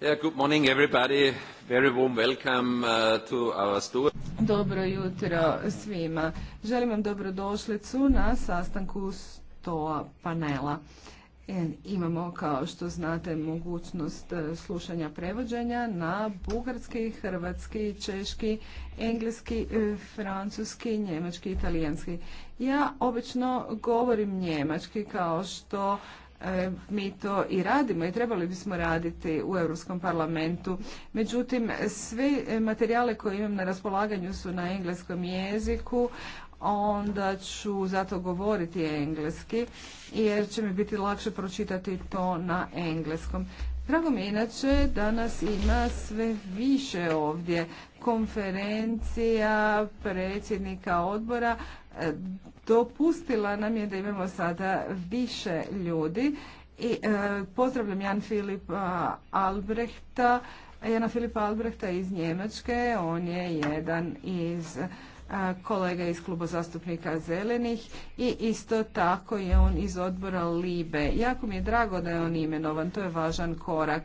good morning uh, Dobro jutro svima. Želim vam dobrodošlicu na sastanku stoa panela. Imamo, kao što znate, mogućnost e, slušanja prevođenja na bugarski, hrvatski, češki, engleski, e, francuski, njemački, talijanski. Ja obično govorim njemački kao što E, mi to i radimo i trebali bismo raditi u Europskom parlamentu. Međutim, sve materijale koje imam na raspolaganju su na engleskom jeziku, onda ću zato govoriti engleski jer će mi biti lakše pročitati to na engleskom. Drago mi je inače danas ima sve više ovdje konferencija predsjednika odbora dopustila nam je da imamo sada više ljudi i e, pozdravljam Jan Filip e, Albrehta, Jana Filipa Albrehta iz Njemačke, on je jedan iz e, kolega iz kluba zastupnika Zelenih i isto tako je on iz odbora Libe. Jako mi je drago da je on imenovan, to je važan korak.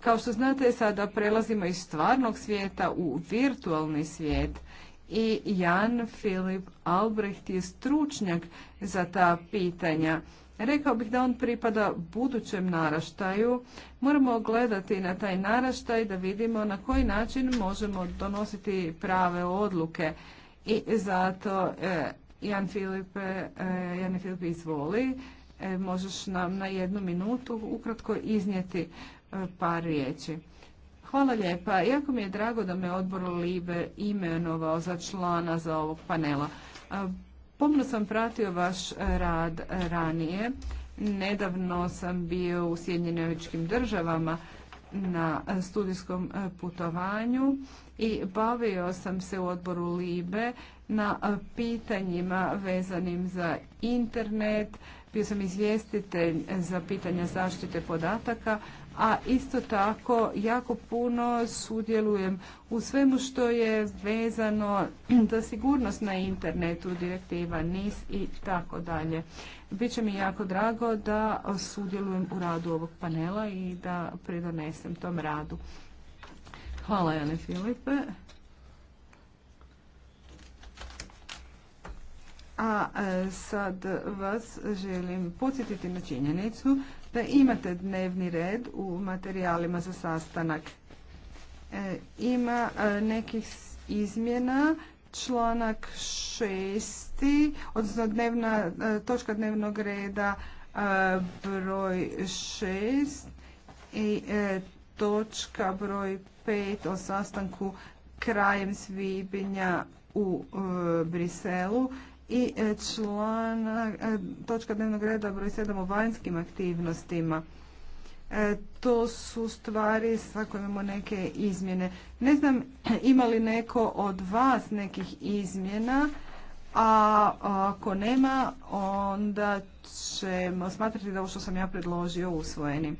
Kao što znate, sada prelazimo iz stvarnog svijeta u virtualni svijet i Jan Filip Albrecht je stručnjak za ta pitanja. Rekao bih da on pripada budućem naraštaju. Moramo gledati na taj naraštaj da vidimo na koji način možemo donositi prave odluke. I zato e, Jan Filip, e, Jan Filip izvoli, e, možeš nam na jednu minutu ukratko iznijeti par riječi. Hvala lijepa. Jako mi je drago da me odbor Libe imenovao za člana za ovog panela. Pomno sam pratio vaš rad ranije. Nedavno sam bio u Sjedinjenim državama na studijskom e, putovanju i bavio sam se u odboru Libe na e, pitanjima vezanim za internet. Bio sam izvjestitelj za pitanja zaštite podataka, a isto tako jako puno sudjelujem u svemu što je vezano za sigurnost na internetu, direktiva NIS i tako dalje. Biće mi jako drago da sudjelujem u radu ovog panela i da pridonesem tom radu. Hvala Jane Filipe. A e, sad vas želim podsjetiti na činjenicu da imate dnevni red u materijalima za sastanak. E, ima e, nekih izmjena članak šesti, odnosno dnevna, e, točka dnevnog reda broj šest i točka broj pet o sastanku krajem svibnja u Briselu i e, člana, e, točka dnevnog reda broj 7 o vanjskim aktivnostima. E, to su stvari sa imamo neke izmjene. Ne znam ima li neko od vas nekih izmjena, a ako nema onda ćemo smatrati da ovo što sam ja predložio usvojenim.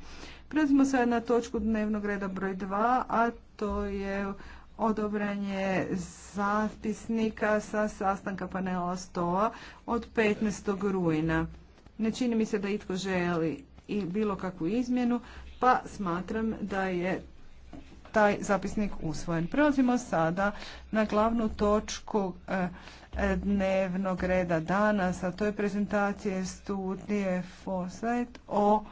Prelazimo sada na točku dnevnog reda broj 2, a to je odobranje zapisnika sa sastanka panela STOA od 15. rujna. Ne čini mi se da itko želi i bilo kakvu izmjenu, pa smatram da je taj zapisnik usvojen. Prelazimo sada na glavnu točku eh, dnevnog reda danas, a to je prezentacije studije FOSET o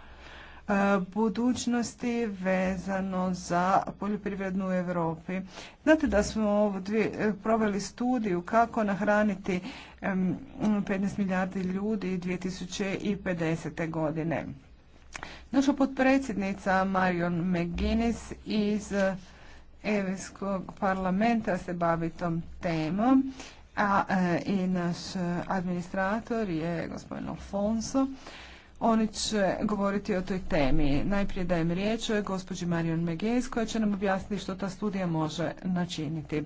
E, budućnosti vezano za poljoprivrednu u Europi. Znate da smo e, proveli studiju kako nahraniti 15 milijardi ljudi 2050. godine. Naša potpredsjednica Marion McGuinness iz Europskog parlamenta se bavi tom temom, a e, i naš administrator je gospodin Alfonso. Oni će govoriti o toj temi. Najprije dajem riječ gospođi Marion Megejs koja će nam objasniti što ta studija može načiniti.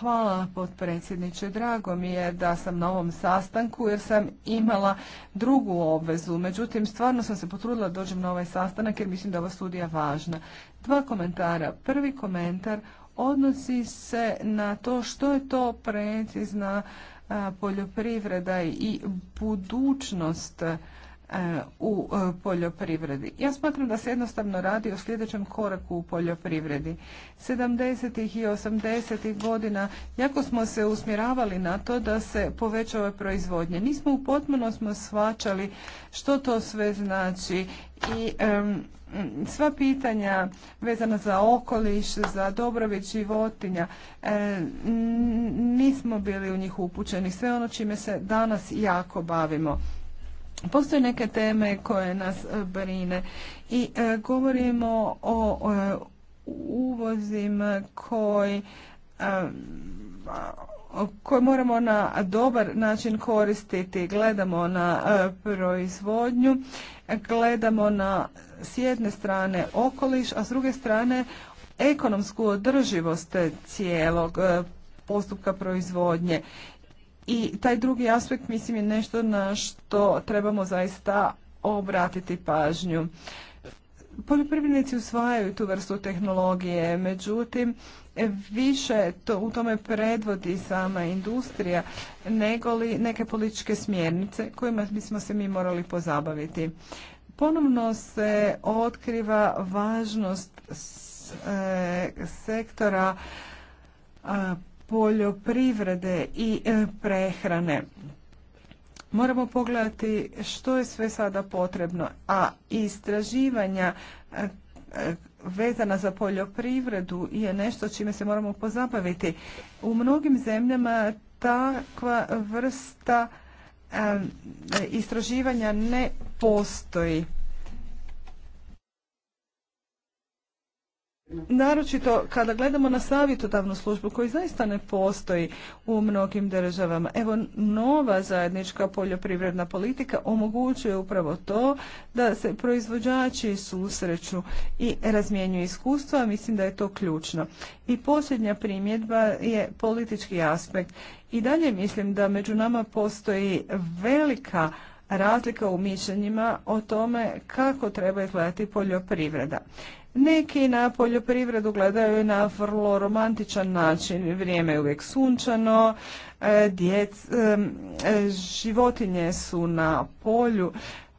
Hvala potpredsjedniče, drago mi je da sam na ovom sastanku jer sam imala drugu obvezu. Međutim, stvarno sam se potrudila da dođem na ovaj sastanak jer mislim da je ova studija važna. Dva komentara. Prvi komentar odnosi se na to što je to precizna poljoprivreda i budućnost E, u e, poljoprivredi. Ja smatram da se jednostavno radi o sljedećem koraku u poljoprivredi. 70. i 80. godina jako smo se usmjeravali na to da se povećava proizvodnje. Nismo u potpuno smo shvaćali što to sve znači i sva pitanja vezana za okoliš, za dobrobit životinja, e, nismo bili u njih upućeni. Sve ono čime se danas jako bavimo. Postoje neke teme koje nas e, brine i e, govorimo o, o e, uvozima koji koje moramo na dobar način koristiti. Gledamo na proizvodnju, gledamo na s jedne strane okoliš, a s druge strane ekonomsku održivost cijelog postupka proizvodnje i taj drugi aspekt mislim je nešto na što trebamo zaista obratiti pažnju. Poljoprivrednici usvajaju tu vrstu tehnologije, međutim više to, u tome predvodi sama industrija nego li neke političke smjernice kojima bismo se mi morali pozabaviti. Ponovno se otkriva važnost e, sektora poljoprivrede i e, prehrane. Moramo pogledati što je sve sada potrebno, a istraživanja e, vezana za poljoprivredu je nešto čime se moramo pozabaviti. U mnogim zemljama takva vrsta e, istraživanja ne postoji. Naročito kada gledamo na savjetodavnu službu koji zaista ne postoji u mnogim državama. Evo nova zajednička poljoprivredna politika omogućuje upravo to da se proizvođači susreću i razmjenjuju iskustva. Mislim da je to ključno. I posljednja primjedba je politički aspekt. I dalje mislim da među nama postoji velika razlika u mišljenjima o tome kako treba izgledati poljoprivreda. Neki na poljoprivredu gledaju na vrlo romantičan način. Vrijeme je uvijek sunčano, e, djec, e, e, životinje su na polju.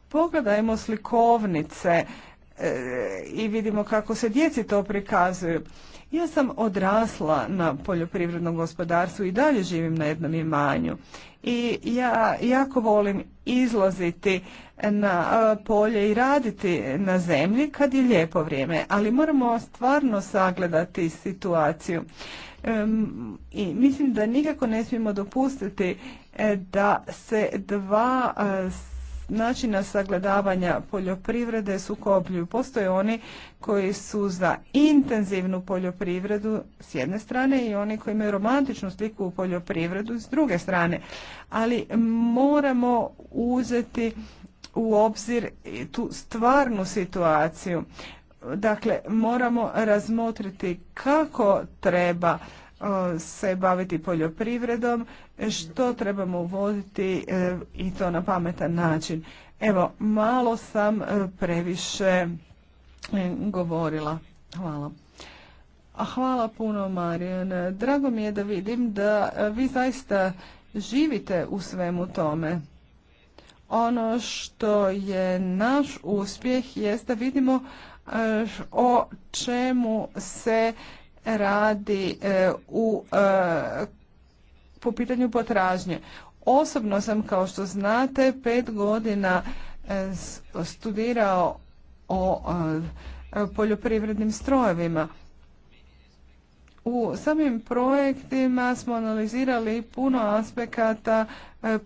Pogledajmo slikovnice i vidimo kako se djeci to prikazuju. Ja sam odrasla na poljoprivrednom gospodarstvu i dalje živim na jednom imanju. I ja jako volim izlaziti na e, polje i raditi na zemlji kad je lijepo vrijeme, ali moramo stvarno sagledati situaciju. I mislim da nikako ne smijemo dopustiti e, da se dva e, načina sagledavanja poljoprivrede sukobljuju. Postoje oni koji su za intenzivnu poljoprivredu s jedne strane i oni koji imaju romantičnu sliku u poljoprivredu s druge strane. Ali moramo uzeti u obzir tu stvarnu situaciju. Dakle, moramo razmotriti kako treba E, se baviti poljoprivredom, što trebamo uvoditi e, i to na pametan način. Evo, malo sam e, previše govorila. Hvala. Hvala puno, Marijan. Drago mi je da vidim da vi zaista živite u svemu tome. Ono što je naš uspjeh jest da vidimo o čemu se radi e, u e, po pitanju potražnje. Osobno sam, kao što znate, pet godina e, studirao o poljoprivrednim strojevima. U samim projektima smo analizirali puno aspekata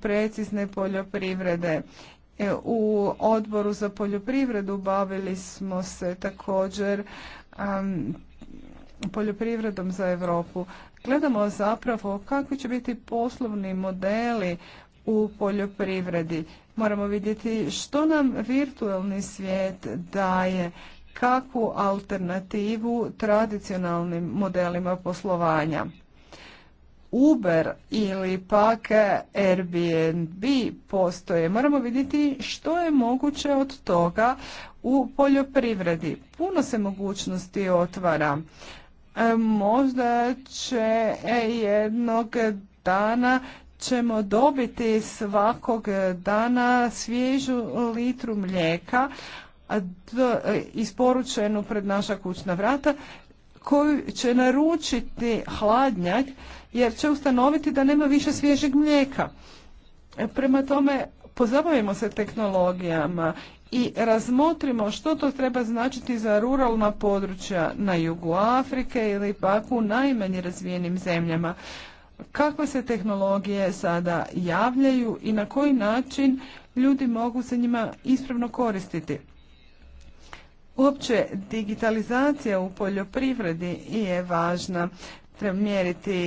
precizne poljoprivrede. U odboru za poljoprivredu bavili smo se također poljoprivredom za Europu. Gledamo zapravo kakvi će biti poslovni modeli u poljoprivredi. Moramo vidjeti što nam virtualni svijet daje, kakvu alternativu tradicionalnim modelima poslovanja. Uber ili pak Airbnb postoje. Moramo vidjeti što je moguće od toga u poljoprivredi. Puno se mogućnosti otvara. E, možda će e, jednog dana ćemo dobiti svakog dana svježu litru mlijeka e, isporučenu pred naša kućna vrata koju će naručiti hladnjak jer će ustanoviti da nema više svježeg mlijeka. Prema tome pozabavimo se tehnologijama i razmotrimo što to treba značiti za ruralna područja na jugu Afrike ili pak u najmanje razvijenim zemljama. Kakve se tehnologije sada javljaju i na koji način ljudi mogu se njima ispravno koristiti. Uopće digitalizacija u poljoprivredi je važna treba mjeriti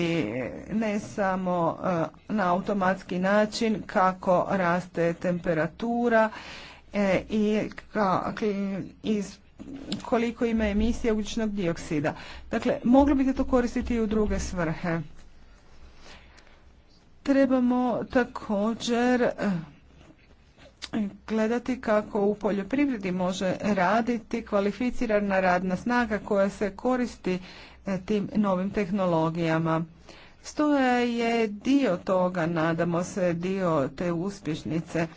ne samo e, na automatski način kako raste temperatura E, i koliko ima emisija ugljičnog dioksida. Dakle, mogli bi se to koristiti i u druge svrhe. Trebamo također e, gledati kako u poljoprivredi može raditi kvalificirana radna snaga koja se koristi e, tim novim tehnologijama. Stoja je dio toga, nadamo se, dio te uspješnice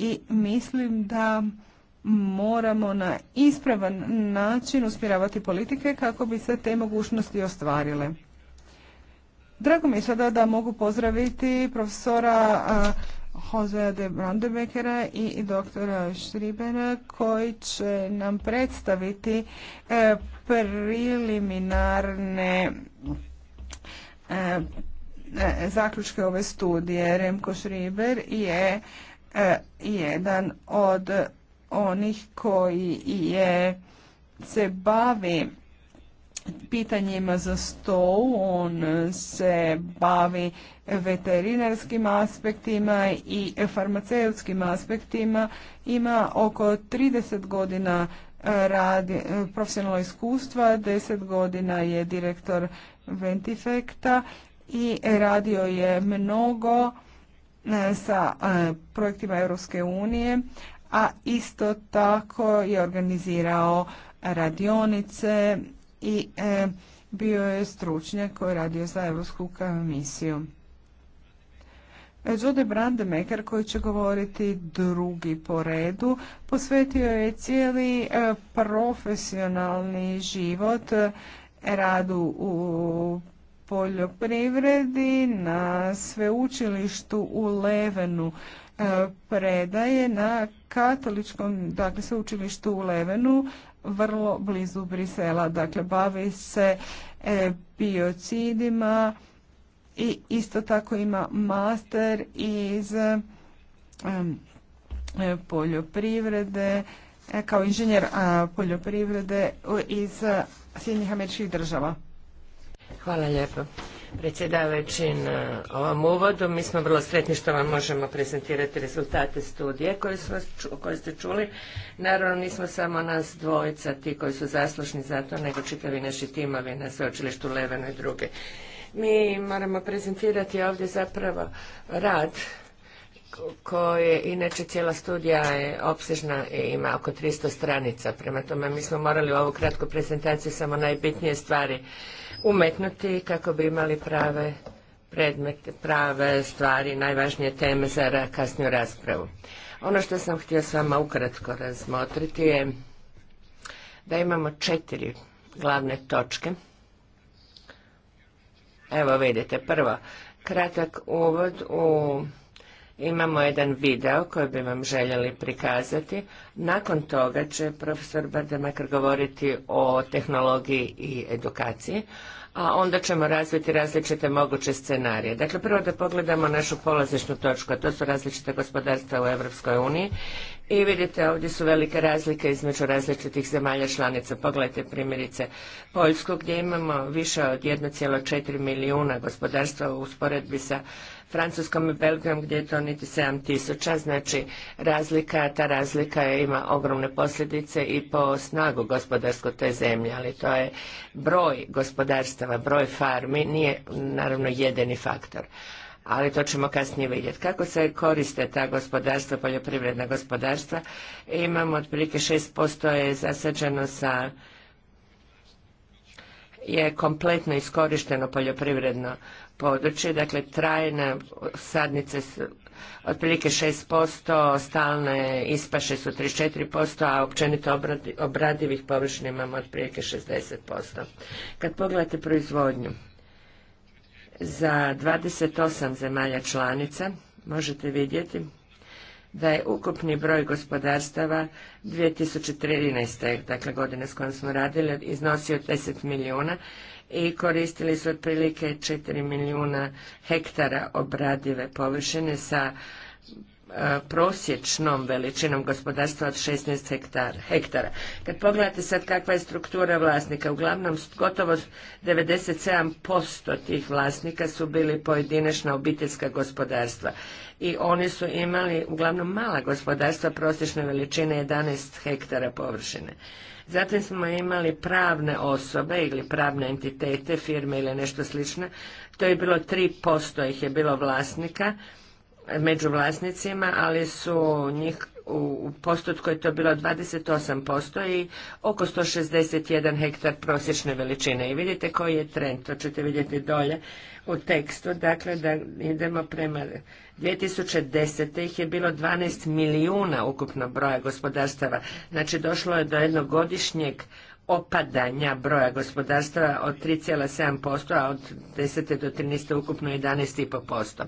i mislim da moramo na ispravan način usmjeravati politike kako bi se te mogućnosti ostvarile. Drago mi je sada da mogu pozdraviti profesora Jose de Brandebekera i doktora Šribera koji će nam predstaviti e, preliminarne e, e, zaključke ove studije. Remko Šriber je E, jedan od onih koji je se bavi pitanjima za stol, on se bavi veterinarskim aspektima i farmaceutskim aspektima, ima oko 30 godina e, radi, e, profesionalno iskustva, 10 godina je direktor Ventifekta i radio je mnogo E, sa e, projektima Europske unije, a isto tako je organizirao radionice i e, bio je stručnjak koji je radio za Europsku komisiju. Jude Brandemeker, koji će govoriti drugi po redu, posvetio je cijeli profesionalni život radu u poljoprivredi na sveučilištu u Levenu e, predaje na katoličkom dakle, sveučilištu u Levenu vrlo blizu Brisela. Dakle, bavi se e, biocidima i isto tako ima master iz e, poljoprivrede kao inženjer poljoprivrede iz Sjednih američkih država. Hvala lijepo. Predsjedavajući na ovom uvodu, mi smo vrlo sretni što vam možemo prezentirati rezultate studije koje, ste čuli. Naravno, nismo samo nas dvojica, ti koji su zaslušni za to, nego čitavi naši timovi na sveučilištu Levenoj i druge. Mi moramo prezentirati ovdje zapravo rad koje inače cijela studija je opsežna i ima oko 300 stranica. Prema tome mi smo morali u ovu kratku prezentaciju samo najbitnije stvari umetnuti kako bi imali prave predmete, prave stvari, najvažnije teme za kasniju raspravu. Ono što sam htio s vama ukratko razmotriti je da imamo četiri glavne točke. Evo vidite, prvo, kratak uvod u Imamo jedan video koji bi vam željeli prikazati. Nakon toga će profesor Bardemakar govoriti o tehnologiji i edukaciji, a onda ćemo razviti različite moguće scenarije. Dakle, prvo da pogledamo našu polazišnu točku, a to su različite gospodarstva u Europskoj uniji. I vidite, ovdje su velike razlike između različitih zemalja članica. Pogledajte primjerice Poljsku, gdje imamo više od 1,4 milijuna gospodarstva u usporedbi sa Francuskom i Belgijom gdje je to niti tisuća znači razlika, ta razlika ima ogromne posljedice i po snagu gospodarsko te zemlje, ali to je broj gospodarstava, broj farmi nije naravno jedini faktor ali to ćemo kasnije vidjeti. Kako se koriste ta gospodarstva, poljoprivredna gospodarstva? Imamo otprilike 6% je zasađeno sa je kompletno iskorišteno poljoprivredno područje, dakle trajne sadnice su otprilike 6%, stalne ispaše su 34%, a općenito obradivih površina imamo otprilike 60%. Kad pogledate proizvodnju, za 28 zemalja članica možete vidjeti da je ukupni broj gospodarstava 2013. dakle godine s kojom smo radili iznosio 10 milijuna i koristili su otprilike 4 milijuna hektara obradive površine sa e, prosječnom veličinom gospodarstva od 16 hektara. Kad pogledate sad kakva je struktura vlasnika, uglavnom gotovo 97% tih vlasnika su bili pojedinačna obiteljska gospodarstva i oni su imali uglavnom mala gospodarstva prosječne veličine 11 hektara površine. Zatim smo imali pravne osobe ili pravne entitete, firme ili nešto slično. To je bilo 3% ih je bilo vlasnika među vlasnicima, ali su njih, u postotku je to bilo 28% i oko 161 hektar prosječne veličine. I vidite koji je trend, to ćete vidjeti dolje u tekstu. Dakle, da idemo prema 2010. ih je bilo 12 milijuna ukupno broja gospodarstava. Znači, došlo je do jednogodišnjeg opadanja broja gospodarstva od 3,7%, a od 10. do 13. ukupno 11,5%.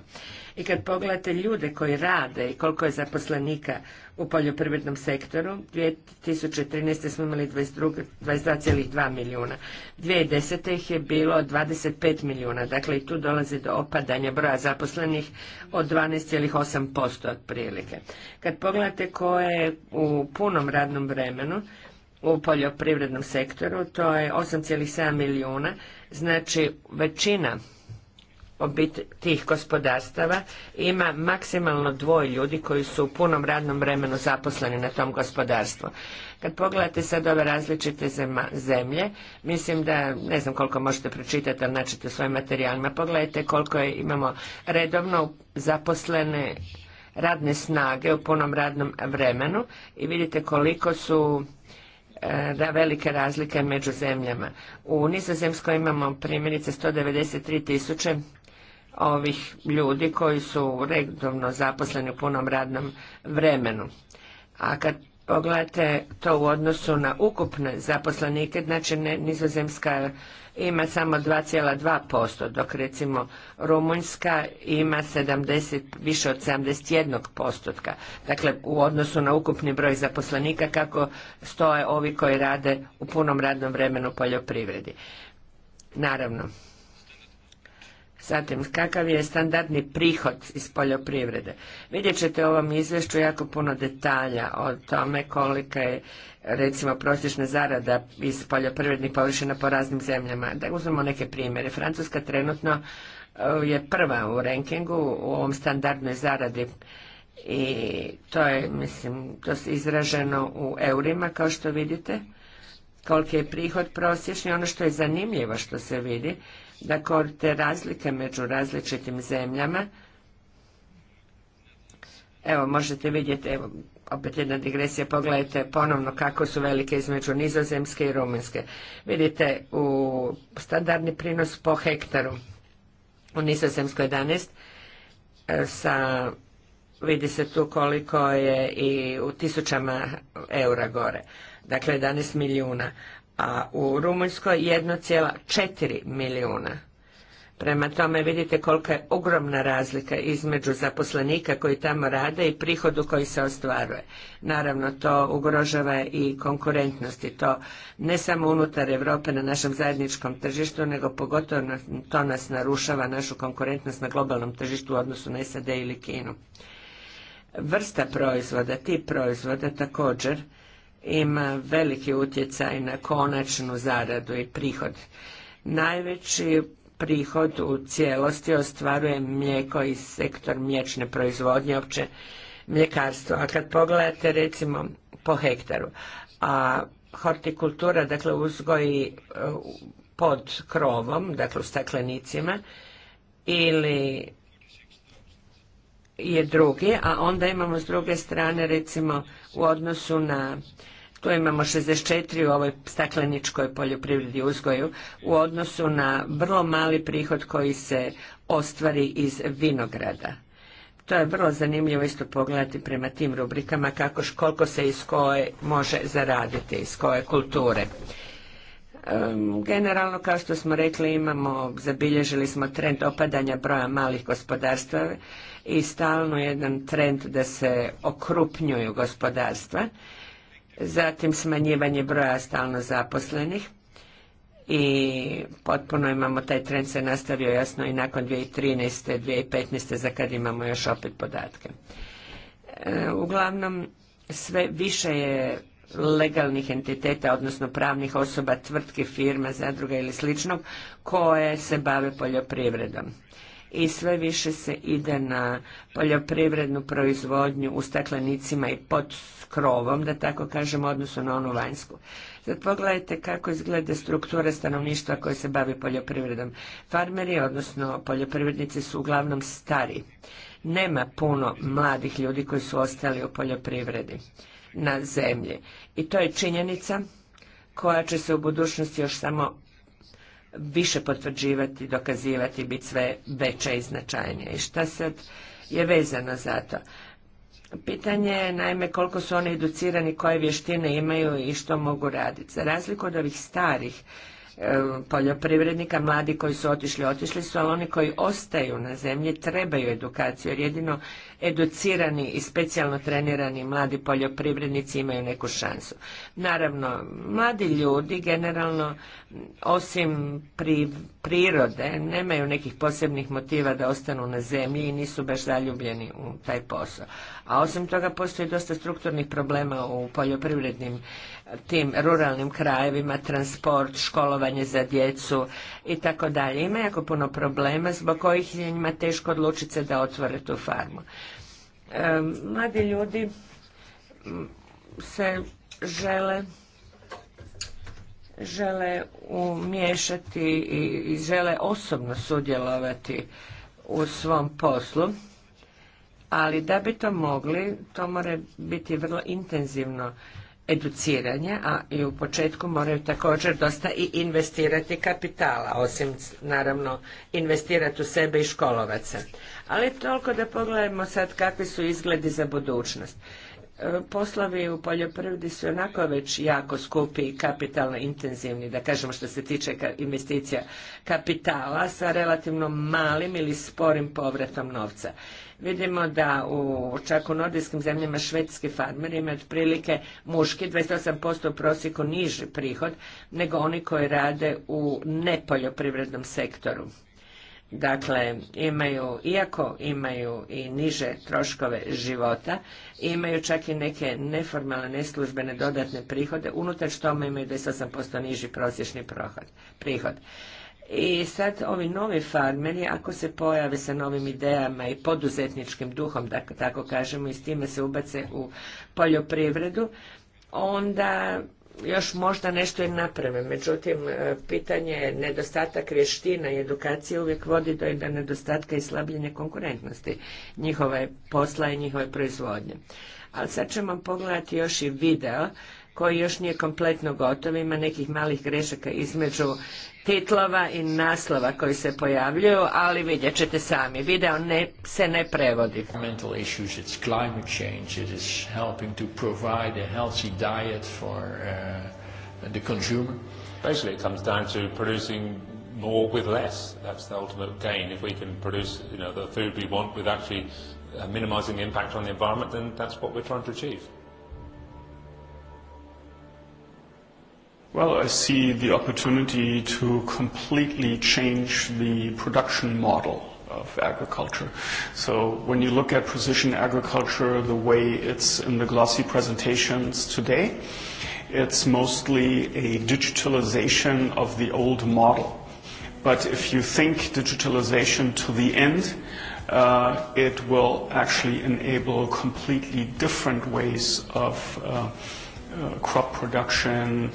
I kad pogledate ljude koji rade i koliko je zaposlenika u poljoprivrednom sektoru, 2013. smo imali 22,2 milijuna, 2010. ih je bilo 25 milijuna, dakle i tu dolazi do opadanja broja zaposlenih od 12,8% otprilike. Kad pogledate ko je u punom radnom vremenu, u poljoprivrednom sektoru, to je 8,7 milijuna, znači većina tih gospodarstava ima maksimalno dvoje ljudi koji su u punom radnom vremenu zaposleni na tom gospodarstvu. Kad pogledate sad ove različite zemlje, mislim da, ne znam koliko možete pročitati, ali naćete u svojim materijalima, pogledajte koliko imamo redovno zaposlene radne snage u punom radnom vremenu i vidite koliko su Eh, da velike razlike među zemljama. U Nizozemskoj imamo primjerice 193 tisuće ovih ljudi koji su redovno zaposleni u punom radnom vremenu. A kad pogledate to u odnosu na ukupne zaposlenike, znači Nizozemska ima samo 2,2%, dok recimo Rumunjska ima 70, više od 71 postotka. Dakle, u odnosu na ukupni broj zaposlenika kako stoje ovi koji rade u punom radnom vremenu poljoprivredi. Naravno, Zatim, kakav je standardni prihod iz poljoprivrede? Vidjet ćete u ovom izvješću jako puno detalja o tome kolika je recimo prosječna zarada iz poljoprivrednih površina po raznim zemljama. Da uzmemo neke primjere. Francuska trenutno uh, je prva u rankingu u ovom standardnoj zaradi i to je mislim to je izraženo u eurima kao što vidite koliki je prihod prosječni ono što je zanimljivo što se vidi da te razlike među različitim zemljama, evo možete vidjeti, evo, opet jedna digresija, pogledajte ponovno kako su velike između nizozemske i rumunjske. Vidite u standardni prinos po hektaru u nizozemskoj 11 e, sa vidi se tu koliko je i u tisućama eura gore. Dakle, 11 milijuna a u Rumunjskoj 1,4 milijuna. Prema tome vidite kolika je ogromna razlika između zaposlenika koji tamo rade i prihodu koji se ostvaruje. Naravno, to ugrožava i konkurentnost i to ne samo unutar Europe na našem zajedničkom tržištu, nego pogotovo to nas narušava našu konkurentnost na globalnom tržištu u odnosu na SAD ili Kinu. Vrsta proizvoda, tip proizvoda također ima veliki utjecaj na konačnu zaradu i prihod. Najveći prihod u cijelosti ostvaruje mlijeko i sektor mliječne proizvodnje, opće mljekarstvo. A kad pogledate recimo po hektaru, a hortikultura, dakle uzgoji e, pod krovom, dakle u staklenicima, ili je drugi, a onda imamo s druge strane recimo u odnosu na tu imamo 64 u ovoj stakleničkoj poljoprivredi uzgoju u odnosu na vrlo mali prihod koji se ostvari iz vinograda. To je vrlo zanimljivo isto pogledati prema tim rubrikama kako, koliko se iz koje može zaraditi, iz koje kulture. Generalno, kao što smo rekli, imamo, zabilježili smo trend opadanja broja malih gospodarstva i stalno jedan trend da se okrupnjuju gospodarstva zatim smanjivanje broja stalno zaposlenih i potpuno imamo taj trend se nastavio jasno i nakon 2013. 2015. za kad imamo još opet podatke. E, uglavnom sve više je legalnih entiteta, odnosno pravnih osoba, tvrtki, firma, zadruga ili sličnog koje se bave poljoprivredom i sve više se ide na poljoprivrednu proizvodnju u staklenicima i pod krovom, da tako kažemo, odnosno na onu vanjsku. Sad pogledajte kako izglede struktura stanovništva koje se bavi poljoprivredom. Farmeri, odnosno poljoprivrednici su uglavnom stari. Nema puno mladih ljudi koji su ostali u poljoprivredi na zemlji. I to je činjenica koja će se u budućnosti još samo više potvrđivati, dokazivati, biti sve veće i značajnije. I šta sad je vezano za to? Pitanje je naime koliko su oni educirani, koje vještine imaju i što mogu raditi. Za razliku od ovih starih E, poljoprivrednika, mladi koji su otišli, otišli su, ali oni koji ostaju na zemlji trebaju edukaciju, jer jedino educirani i specijalno trenirani mladi poljoprivrednici imaju neku šansu. Naravno, mladi ljudi generalno, osim pri, prirode, nemaju nekih posebnih motiva da ostanu na zemlji i nisu baš zaljubljeni u taj posao. A osim toga, postoji dosta strukturnih problema u poljoprivrednim tim ruralnim krajevima, transport, školovanje za djecu i tako dalje. Ima jako puno problema zbog kojih je njima teško odlučiti se da otvore tu farmu. E, mladi ljudi se žele žele umiješati i žele osobno sudjelovati u svom poslu ali da bi to mogli to mora biti vrlo intenzivno educiranja, a i u početku moraju također dosta i investirati kapitala, osim naravno investirati u sebe i školovaca. Ali toliko da pogledamo sad kakvi su izgledi za budućnost poslovi u poljoprivredi su onako već jako skupi i kapitalno intenzivni, da kažemo što se tiče investicija kapitala sa relativno malim ili sporim povratom novca. Vidimo da u, čak u nordijskim zemljama švedski farmer imaju otprilike muški 28% u prosjeku niži prihod nego oni koji rade u nepoljoprivrednom sektoru dakle imaju, iako imaju i niže troškove života, imaju čak i neke neformalne, neslužbene dodatne prihode, unutar tome imaju 28% niži prosječni prihod. I sad ovi novi farmeri, ako se pojave sa novim idejama i poduzetničkim duhom, da tako kažemo, i s time se ubace u poljoprivredu, onda još možda nešto i naprave. Međutim, e, pitanje nedostatak vještina i edukacije uvijek vodi do jedna nedostatka i slabljenja konkurentnosti njihove posla i njihove proizvodnje. Ali sad ćemo pogledati još i video koji još nije kompletno gotov, ima nekih malih grešaka između titlova i naslova koji se pojavljuju, ali vidjet ćete sami, video ne, se ne prevodi. Issues, it's climate change, it is helping to provide a healthy diet for uh, the consumer. Basically it comes down to producing more with less. That's the ultimate gain. If we can produce you know, the food we want with actually uh, minimizing the impact on the environment, then that's what we're trying to achieve. Well, I see the opportunity to completely change the production model of agriculture. So when you look at precision agriculture, the way it's in the glossy presentations today, it's mostly a digitalization of the old model. But if you think digitalization to the end, uh, it will actually enable completely different ways of uh, uh, crop production,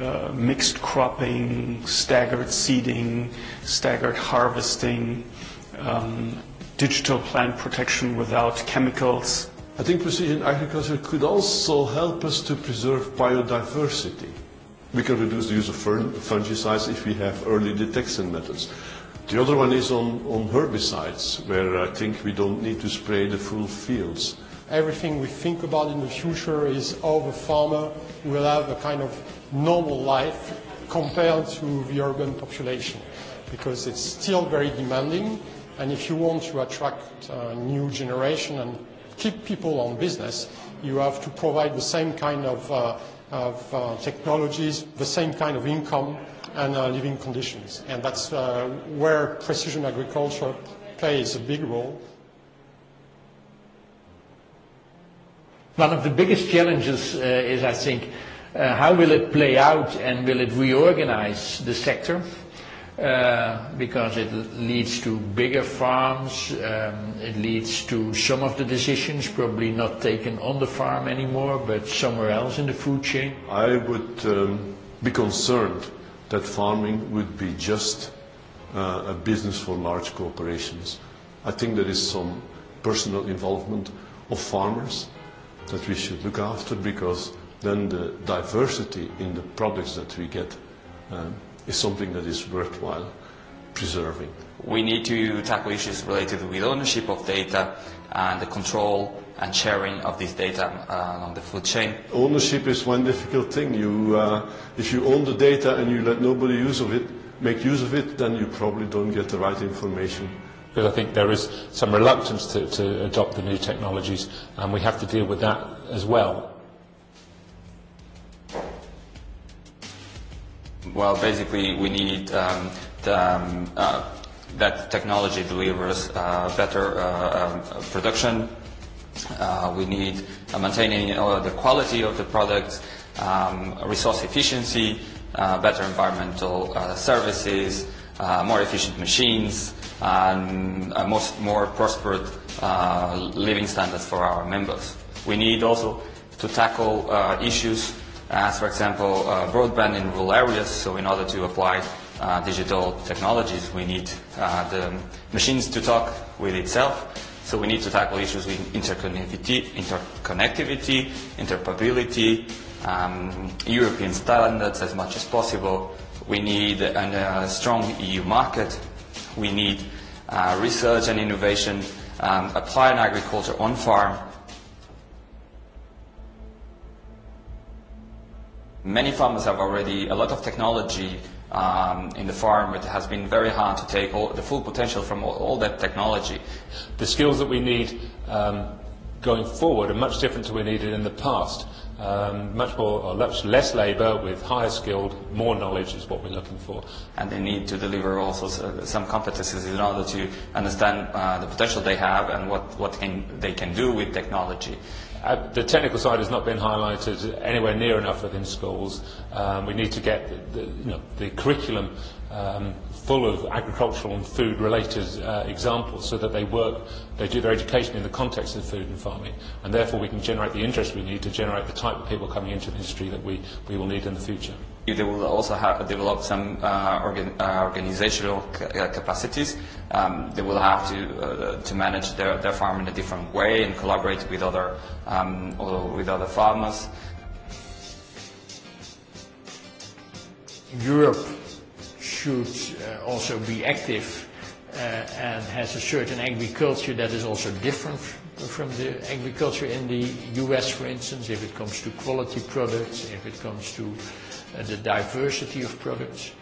Uh, mixed cropping, staggered seeding, staggered harvesting, um, digital plant protection without chemicals. I think precision agriculture could also help us to preserve biodiversity. We can reduce the use of fungicides if we have early detection methods. The other one is on, on herbicides, where I think we don't need to spray the full fields. Everything we think about in the future is how the farmer will have a kind of normal life compared to the urban population because it's still very demanding and if you want to attract a new generation and keep people on business, you have to provide the same kind of, uh, of uh, technologies, the same kind of income and uh, living conditions. And that's uh, where precision agriculture plays a big role. One of the biggest challenges uh, is, I think, Uh, how will it play out and will it reorganize the sector? Uh, because it leads to bigger farms, um, it leads to some of the decisions probably not taken on the farm anymore, but somewhere else in the food chain. I would um, be concerned that farming would be just uh, a business for large corporations. I think there is some personal involvement of farmers that we should look after because then the diversity in the products that we get um, is something that is worthwhile preserving. We need to tackle issues related with ownership of data and the control and sharing of this data uh, along the food chain. Ownership is one difficult thing. You, uh, if you own the data and you let nobody use of it, make use of it, then you probably don't get the right information. But I think there is some reluctance to, to adopt the new technologies, and we have to deal with that as well. well, basically we need um, the, um, uh, that technology delivers uh, better uh, um, production. Uh, we need uh, maintaining uh, the quality of the products, um, resource efficiency, uh, better environmental uh, services, uh, more efficient machines, and a uh, most, more prosperous uh, living standards for our members. We need also to tackle uh, issues as, for example, uh, broadband in rural areas. So in order to apply uh, digital technologies, we need uh, the machines to talk with itself. So we need to tackle issues with interconnectivity, interconnectivity interoperability, um, European standards as much as possible. We need a uh, strong EU market. We need uh, research and innovation um, applied agriculture on farm Many farmers have already a lot of technology um, in the farm, it has been very hard to take all, the full potential from all, all that technology. The skills that we need um, going forward are much different to we needed in the past. Um, much more or much less labour with higher skilled, more knowledge is what we're looking for. And they need to deliver also uh, some competences in order to understand uh, the potential they have and what, what can, they can do with technology. Uh, the technical side has not been highlighted anywhere near enough within schools. Um, we need to get the, the, you know, the curriculum um, full of agricultural and food related uh, examples so that they work, they do their education in the context of food and farming and therefore we can generate the interest we need to generate the type of people coming into the industry that we, we will need in the future. They will also have, uh, develop some uh, organ, uh, organizational ca uh, capacities. Um, they will have to uh, to manage their, their farm in a different way and collaborate with other um, with other farmers. Europe should uh, also be active uh, and has a certain agriculture that is also different from the agriculture in the U.S., for instance, if it comes to quality products, if it comes to Uh, the diversity of products.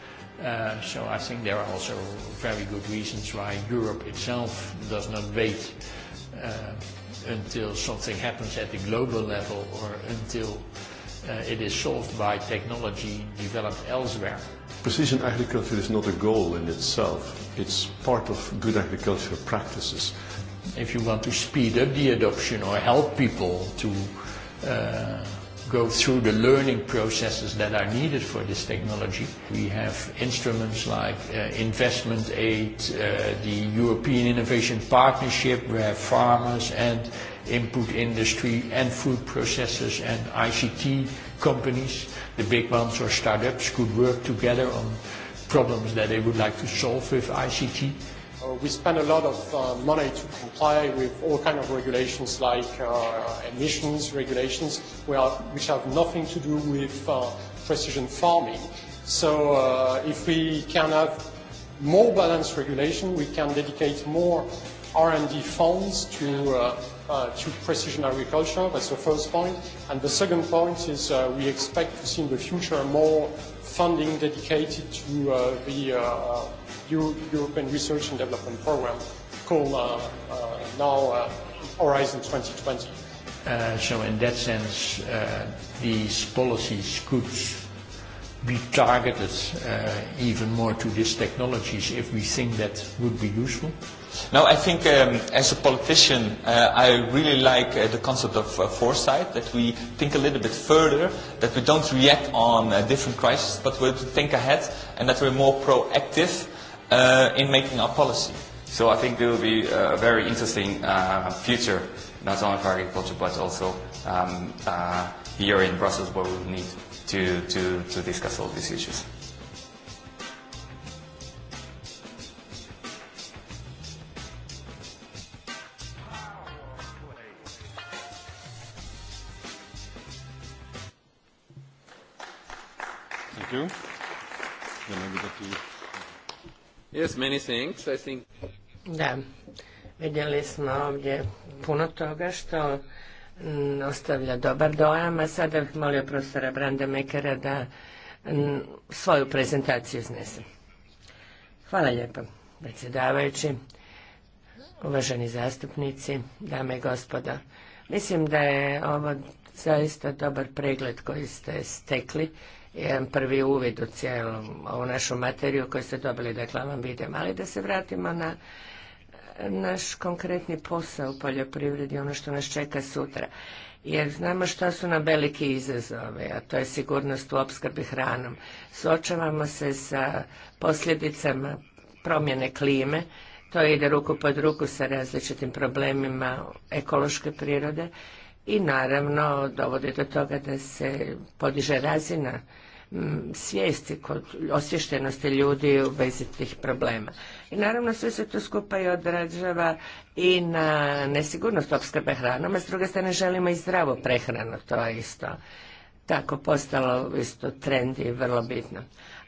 Uh, so I think there are also very good reasons why Europe itself does not wait uh, until something happens at the global level or until uh, it is solved by technology developed elsewhere. Precision agriculture is not a goal in itself. It's part of good agricultural practices. If you want to speed up the adoption or help people to uh, go through the learning processes that are needed for this technology. We have instruments like uh, investment aid, uh, the European Innovation Partnership, where farmers and input industry and food processors and ICT companies, the big ones or startups, could work together on problems that they would like to solve with ICT we spend a lot of uh, money to comply with all kind of regulations like uh, emissions regulations, which have nothing to do with uh, precision farming. So uh, if we can have more balanced regulation, we can dedicate more R&D funds to, uh, uh, to precision agriculture. That's the first point. And the second point is uh, we expect to see in the future more funding dedicated to uh, the uh, European Research and Development Program called uh, uh, now uh, Horizon 2020. Uh, so in that sense, uh, these policies could be targeted uh, even more to these technologies if we think that would be useful? now I think um, as a politician, uh, I really like uh, the concept of uh, foresight, that we think a little bit further, that we don't react on uh, different crises, but we think ahead, and that we're more proactive uh, in making our policy. So I think there will be a very interesting uh, future, not only for agriculture, but also um, uh, here in Brussels, where we need to, to, to discuss all these issues. Thank you. Da, vidjeli smo ovdje puno toga što ostavlja dobar dojam, a sada bih molio profesora Branda Mekera da svoju prezentaciju iznese. Hvala lijepo, predsjedavajući, uvaženi zastupnici, dame i gospodo. Mislim da je ovo zaista dobar pregled koji ste stekli jedan prvi uvid u cijelu ovu našu materiju koju ste dobili dakle, vam vidim, Ali da se vratimo na naš konkretni posao u poljoprivredi, ono što nas čeka sutra. Jer znamo što su nam veliki izazove, a to je sigurnost u opskrbi hranom. Suočavamo se sa posljedicama promjene klime, to ide ruku pod ruku sa različitim problemima ekološke prirode i naravno dovodi do toga da se podiže razina svijesti kod osvještenosti ljudi u vezi tih problema. I naravno sve se to skupa i odražava i na nesigurnost opskrbe hranom, a s druge strane želimo i zdravu prehranu, to je isto tako postalo isto trend i vrlo bitno.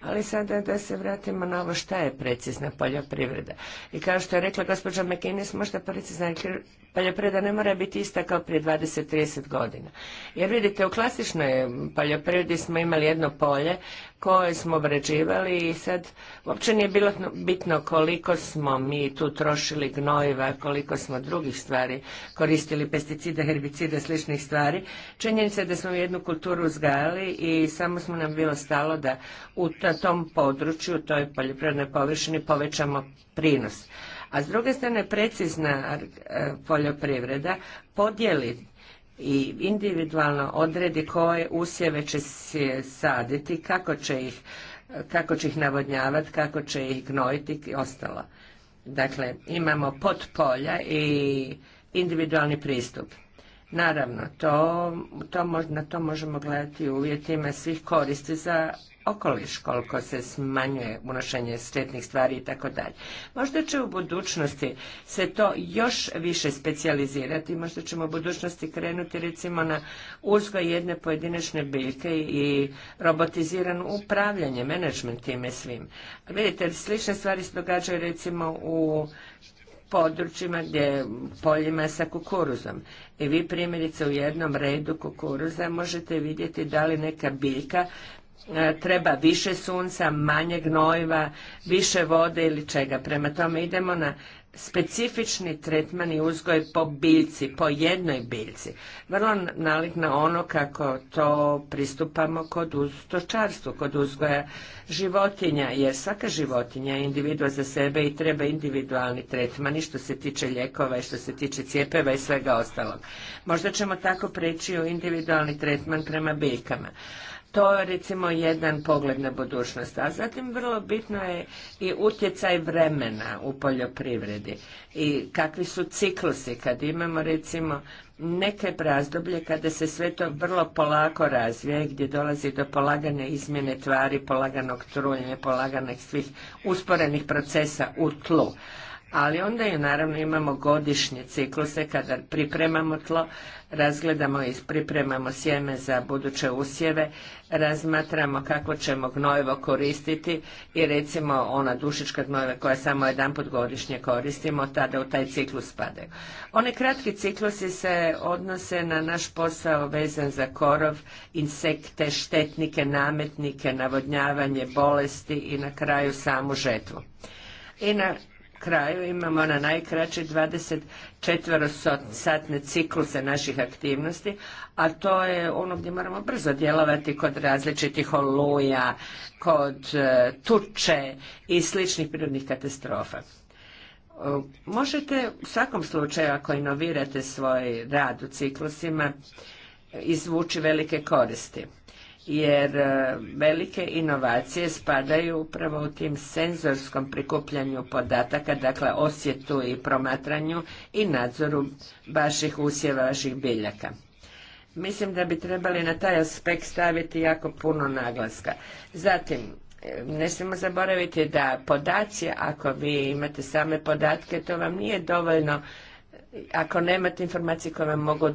Ali sada da se vratimo na ovo šta je precizna poljoprivreda. I kao što je rekla gospođa McKinnis, možda precizna poljoprivreda ne mora biti ista kao prije 20-30 godina. Jer vidite, u klasičnoj poljoprivredi smo imali jedno polje koje smo obrađivali i sad uopće nije bilo bitno koliko smo mi tu trošili gnojiva, koliko smo drugih stvari koristili, pesticida, herbicida, sličnih stvari. Činjenica je da smo jednu kulturu uzgajali i samo smo nam bilo stalo da u tom području, u toj poljoprivrednoj površini povećamo prinos. A s druge strane precizna e, poljoprivreda podijeli i individualno odredi koje usjeve će se saditi, kako će ih, kako će ih navodnjavati, kako će ih gnojiti i ostalo. Dakle, imamo potpolja i individualni pristup. Naravno, to, to, na to možemo gledati u uvjetima svih koristi za okoliš, koliko se smanjuje unošenje štetnih stvari i tako dalje. Možda će u budućnosti se to još više specijalizirati, možda ćemo u budućnosti krenuti recimo na uzgoj jedne pojedinačne biljke i robotizirano upravljanje, menadžment time svim. Vidite, slične stvari se događaju recimo u područjima gdje poljima sa kukuruzom. I vi primjerice u jednom redu kukuruza možete vidjeti da li neka biljka E, treba više sunca, manje gnojiva, više vode ili čega. Prema tome idemo na specifični tretman i uzgoj po biljci, po jednoj biljci. Vrlo nalik na ono kako to pristupamo kod stočarstvu, kod uzgoja životinja, jer svaka životinja je individua za sebe i treba individualni tretman i što se tiče ljekova i što se tiče cijepeva i svega ostalog. Možda ćemo tako preći u individualni tretman prema biljkama. To je recimo jedan pogled na budućnost. A zatim vrlo bitno je i utjecaj vremena u poljoprivredi i kakvi su ciklusi kad imamo recimo neke razdoblje kada se sve to vrlo polako razvije gdje dolazi do polagane izmjene tvari, polaganog truljenja, polaganih svih usporenih procesa u tlu ali onda je naravno imamo godišnje cikluse kada pripremamo tlo, razgledamo i pripremamo sjeme za buduće usjeve, razmatramo kako ćemo gnojevo koristiti i recimo ona dušička gnojeva koja samo jedanput godišnje koristimo, tada u taj ciklus spade. One kratki ciklusi se odnose na naš posao vezan za korov, insekte, štetnike, nametnike, navodnjavanje, bolesti i na kraju samu žetvu. I na kraju imamo na najkraće 24-satne cikluse naših aktivnosti, a to je ono gdje moramo brzo djelovati kod različitih oluja, kod e, tuče i sličnih prirodnih katastrofa. E, možete u svakom slučaju ako inovirate svoj rad u ciklusima izvući velike koristi jer e, velike inovacije spadaju upravo u tim senzorskom prikupljanju podataka, dakle osjetu i promatranju i nadzoru vaših usjeva, vaših biljaka. Mislim da bi trebali na taj aspekt staviti jako puno naglaska. Zatim, e, ne smijemo zaboraviti da podaci, ako vi imate same podatke, to vam nije dovoljno ako nemate informacije koje vam mogu e,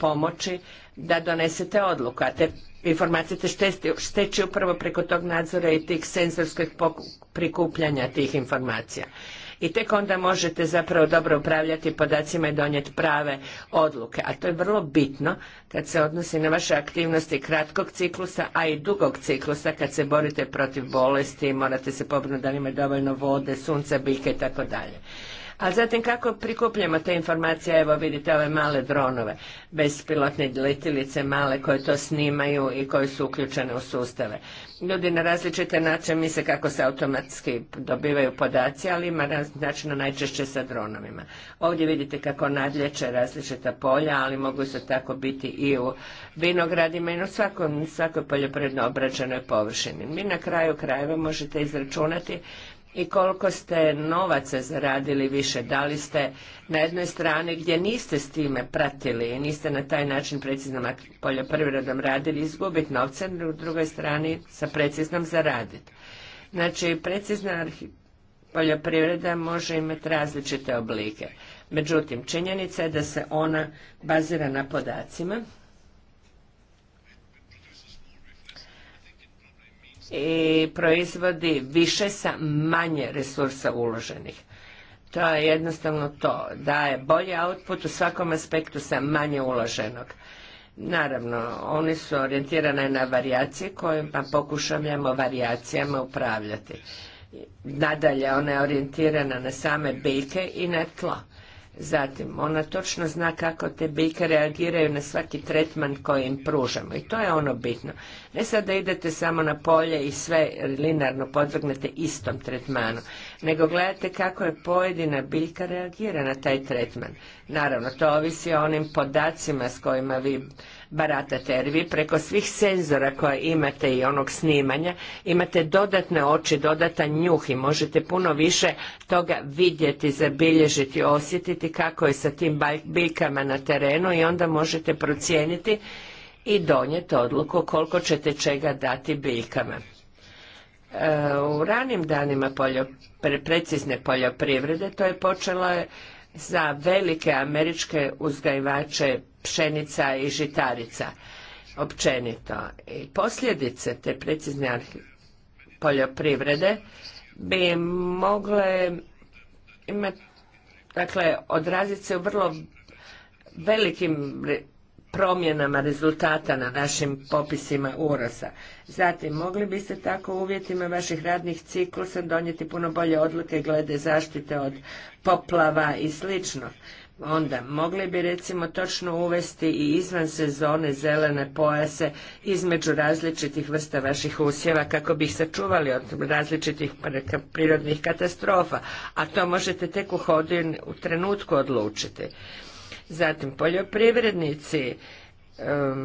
pomoći da donesete odluku, a te informacije te steći upravo preko tog nadzora i tih senzorskih prikupljanja tih informacija. I tek onda možete zapravo dobro upravljati podacima i donijeti prave odluke. A to je vrlo bitno kad se odnosi na vaše aktivnosti kratkog ciklusa, a i dugog ciklusa kad se borite protiv bolesti, morate se pobrinuti da li dovoljno vode, sunca, biljke i tako dalje. A zatim kako prikupljamo te informacije, evo vidite ove male dronove, bespilotne letilice male koje to snimaju i koje su uključene u sustave. Ljudi na različite načine misle kako se automatski dobivaju podaci, ali ima najčešće sa dronovima. Ovdje vidite kako nadlječe različita polja, ali mogu se tako biti i u vinogradima i na svakoj, svakoj poljoprivredno obrađenoj površini. Mi na kraju krajeva možete izračunati i koliko ste novaca zaradili više, da li ste na jednoj strani gdje niste s time pratili i niste na taj način preciznom poljoprivredom radili izgubiti novce, na drugoj strani sa preciznom zaraditi. Znači, precizna poljoprivreda može imati različite oblike. Međutim, činjenica je da se ona bazira na podacima i proizvodi više sa manje resursa uloženih. To je jednostavno to, daje bolji output u svakom aspektu sa manje uloženog. Naravno, oni su orijentirane na varijacije kojima pokušavamo varijacijama upravljati. Nadalje, ona je orijentirana na same biljke i na tlo. Zatim, ona točno zna kako te biljke reagiraju na svaki tretman koji im pružamo i to je ono bitno. Ne sad da idete samo na polje i sve linarno podvrgnete istom tretmanu, nego gledate kako je pojedina biljka reagira na taj tretman. Naravno, to ovisi o onim podacima s kojima vi baratate jer vi preko svih senzora koje imate i onog snimanja imate dodatne oči, dodatan njuh i možete puno više toga vidjeti, zabilježiti, osjetiti kako je sa tim biljkama na terenu i onda možete procijeniti i donijeti odluku koliko ćete čega dati biljkama. E, u ranim danima precizne poljoprivrede to je počelo za velike američke uzgajivače pšenica i žitarica općenito. I posljedice te precizne poljoprivrede bi mogle imati, dakle, odraziti se u vrlo velikim promjenama rezultata na našim popisima urosa. Zatim, mogli biste tako u uvjetima vaših radnih ciklusa donijeti puno bolje odluke glede zaštite od poplava i slično. Onda, mogli bi recimo točno uvesti i izvan sezone zelene pojase između različitih vrsta vaših usjeva kako bi ih sačuvali od različitih prirodnih katastrofa, a to možete tek u hodu u trenutku odlučiti. Zatim, poljoprivrednici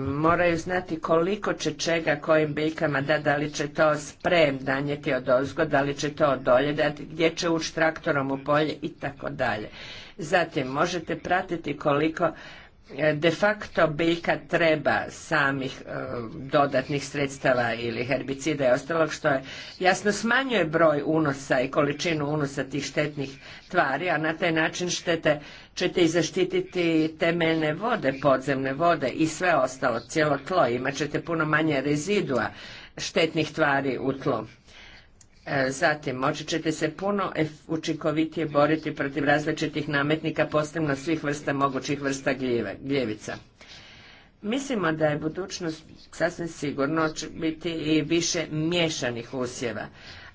moraju znati koliko će čega kojim biljkama da, da li će to sprem danjeti od ozgo, da li će to odolje da, gdje će ući traktorom u polje i tako dalje. Zatim možete pratiti koliko e, de facto biljka treba samih e, dodatnih sredstava ili herbicida i ostalog što je jasno smanjuje broj unosa i količinu unosa tih štetnih tvari, a na taj način štete ćete i zaštititi temeljne vode, podzemne vode i sve ostalo, cijelo tlo. Imaćete ćete puno manje rezidua štetnih tvari u tlu. E, zatim, moći ćete se puno učinkovitije boriti protiv različitih nametnika, posebno svih vrsta mogućih vrsta gljive, gljevica. Mislimo da je budućnost sasvim sigurno će biti i više miješanih usjeva,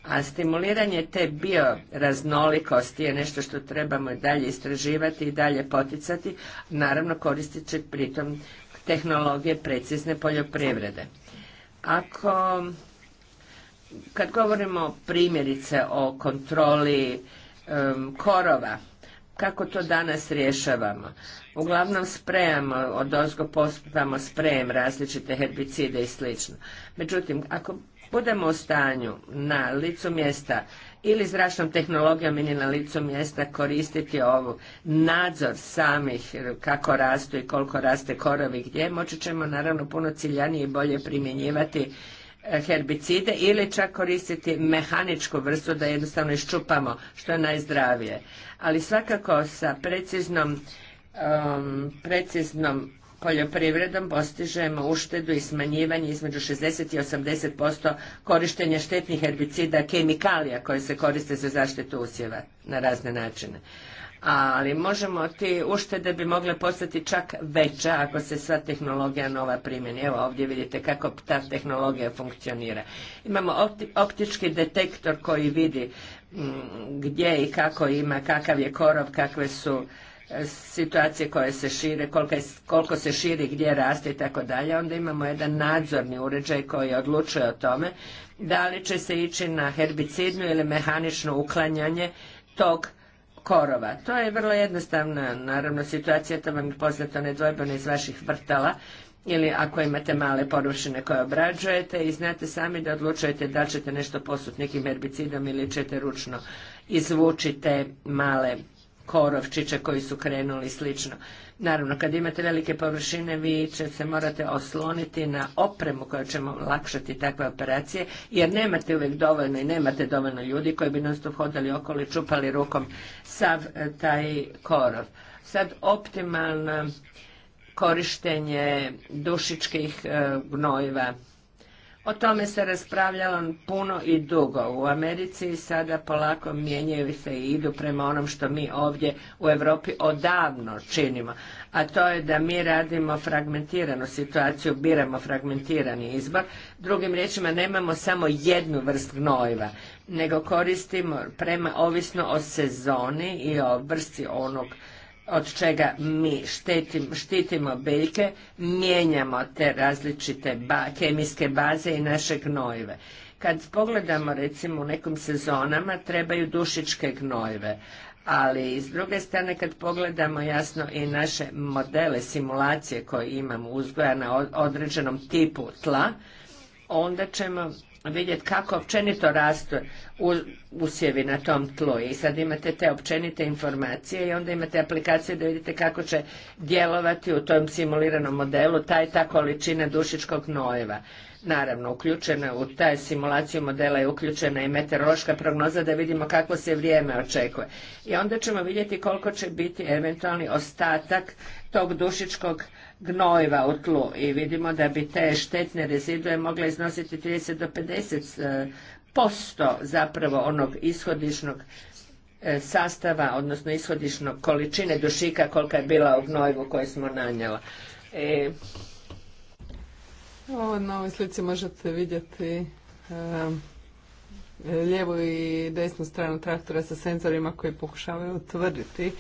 a stimuliranje te bioraznolikosti je nešto što trebamo dalje istraživati i dalje poticati, naravno koristit će pritom tehnologije precizne poljoprivrede. Ako kad govorimo primjerice o kontroli korova, kako to danas rješavamo? Uglavnom sprejamo, od ozgo postupamo sprejem različite herbicide i sl. Međutim, ako budemo u stanju na licu mjesta ili zračnom tehnologijom ili na licu mjesta koristiti ovu nadzor samih eh, kako rastu i koliko raste korovi gdje, moći ćemo naravno puno ciljanije i bolje primjenjivati herbicide ili čak koristiti mehaničku vrstu da jednostavno iščupamo što je najzdravije. Ali svakako sa preciznom, um, preciznom poljoprivredom postižemo uštedu i smanjivanje između 60 i 80% korištenja štetnih herbicida, kemikalija koje se koriste za zaštitu usjeva na razne načine ali možemo ti uštede bi mogle postati čak veća ako se sva tehnologija nova primjeni. Evo ovdje vidite kako ta tehnologija funkcionira. Imamo optički detektor koji vidi mm, gdje i kako ima, kakav je korov, kakve su e, situacije koje se šire, koliko, koliko se širi, gdje raste i tako dalje. Onda imamo jedan nadzorni uređaj koji odlučuje o tome da li će se ići na herbicidnu ili mehanično uklanjanje tog korova. To je vrlo jednostavna, naravno, situacija, to vam je poznato nedvojbeno iz vaših vrtala, ili ako imate male površine koje obrađujete i znate sami da odlučujete da ćete nešto posut nekim herbicidom ili ćete ručno izvući te male korovčiće koji su krenuli slično. Naravno, kad imate velike površine, vi će se morate osloniti na opremu koja će lakšati takve operacije, jer nemate uvijek dovoljno i nemate dovoljno ljudi koji bi non hodali okolo i čupali rukom sav e, taj korov. Sad optimalno korištenje dušičkih e, gnojiva o tome se raspravljalo puno i dugo u Americi sada polako mijenjaju se i idu prema onom što mi ovdje u Europi odavno činimo, a to je da mi radimo fragmentiranu situaciju, biramo fragmentirani izbor. Drugim riječima, nemamo samo jednu vrst gnojiva, nego koristimo prema ovisno o sezoni i o vrsti onog od čega mi štitimo biljke, mijenjamo te različite ba, kemijske baze i naše gnojive. Kad pogledamo recimo u nekim sezonama trebaju dušičke gnojive, ali s druge strane kad pogledamo jasno i naše modele simulacije koje imamo uzgoja na određenom tipu tla, onda ćemo vidjeti kako općenito rastu usjevi na tom tlu i sad imate te općenite informacije i onda imate aplikaciju da vidite kako će djelovati u tom simuliranom modelu ta i ta količina dušičkog nojeva. Naravno, uključena u taj simulaciju modela je uključena i meteorološka prognoza da vidimo kako se vrijeme očekuje. I onda ćemo vidjeti koliko će biti eventualni ostatak tog dušičkog gnojiva u tlu i vidimo da bi te štetne rezidue mogle iznositi 30 do 50 e, posto zapravo onog ishodišnog e, sastava, odnosno ishodišnog količine dušika kolika je bila u gnojivu koje smo nanjela. E... Ovo na ovoj slici možete vidjeti e, lijevu i desnu stranu traktora sa senzorima koji pokušavaju utvrditi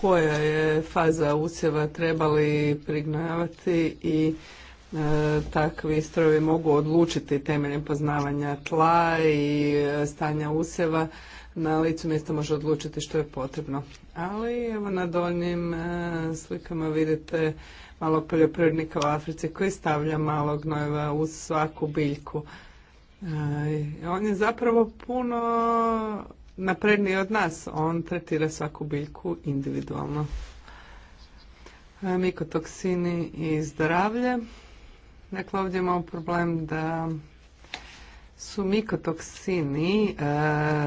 koja je faza usjeva trebali prignojavati i e, takvi strojevi mogu odlučiti temeljem poznavanja tla i e, stanja usjeva na licu mjesta može odlučiti što je potrebno. Ali evo na donjim e, slikama vidite malo poljoprivrednika u Africi koji stavlja malo gnojeva u svaku biljku. on je zapravo puno napredniji od nas. On tretira svaku biljku individualno. E, mikotoksini i zdravlje. Dakle, ovdje imamo problem da su mikotoksini e,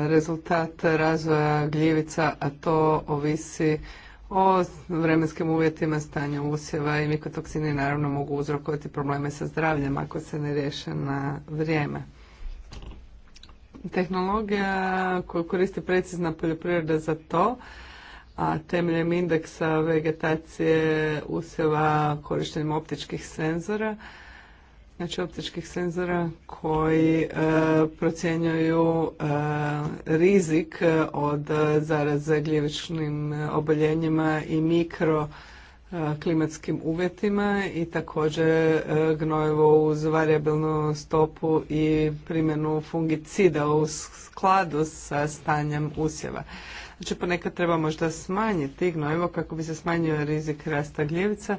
rezultat razvoja gljivica, a to ovisi o vremenskim uvjetima stanja usjeva i mikotoksini naravno mogu uzrokovati probleme sa zdravljem ako se ne riješe na vrijeme tehnologija koju koristi precizna poljoprivreda za to, a temeljem indeksa vegetacije usjeva korištenjem optičkih senzora, znači optičkih senzora koji e, procjenjuju e, rizik e, od zaraze gljivičnim e, oboljenjima i mikro klimatskim uvjetima i također gnojivo uz variabilnu stopu i primjenu fungicida u skladu sa stanjem usjeva. Znači ponekad treba možda smanjiti gnojivo kako bi se smanjio rizik rasta gljivica.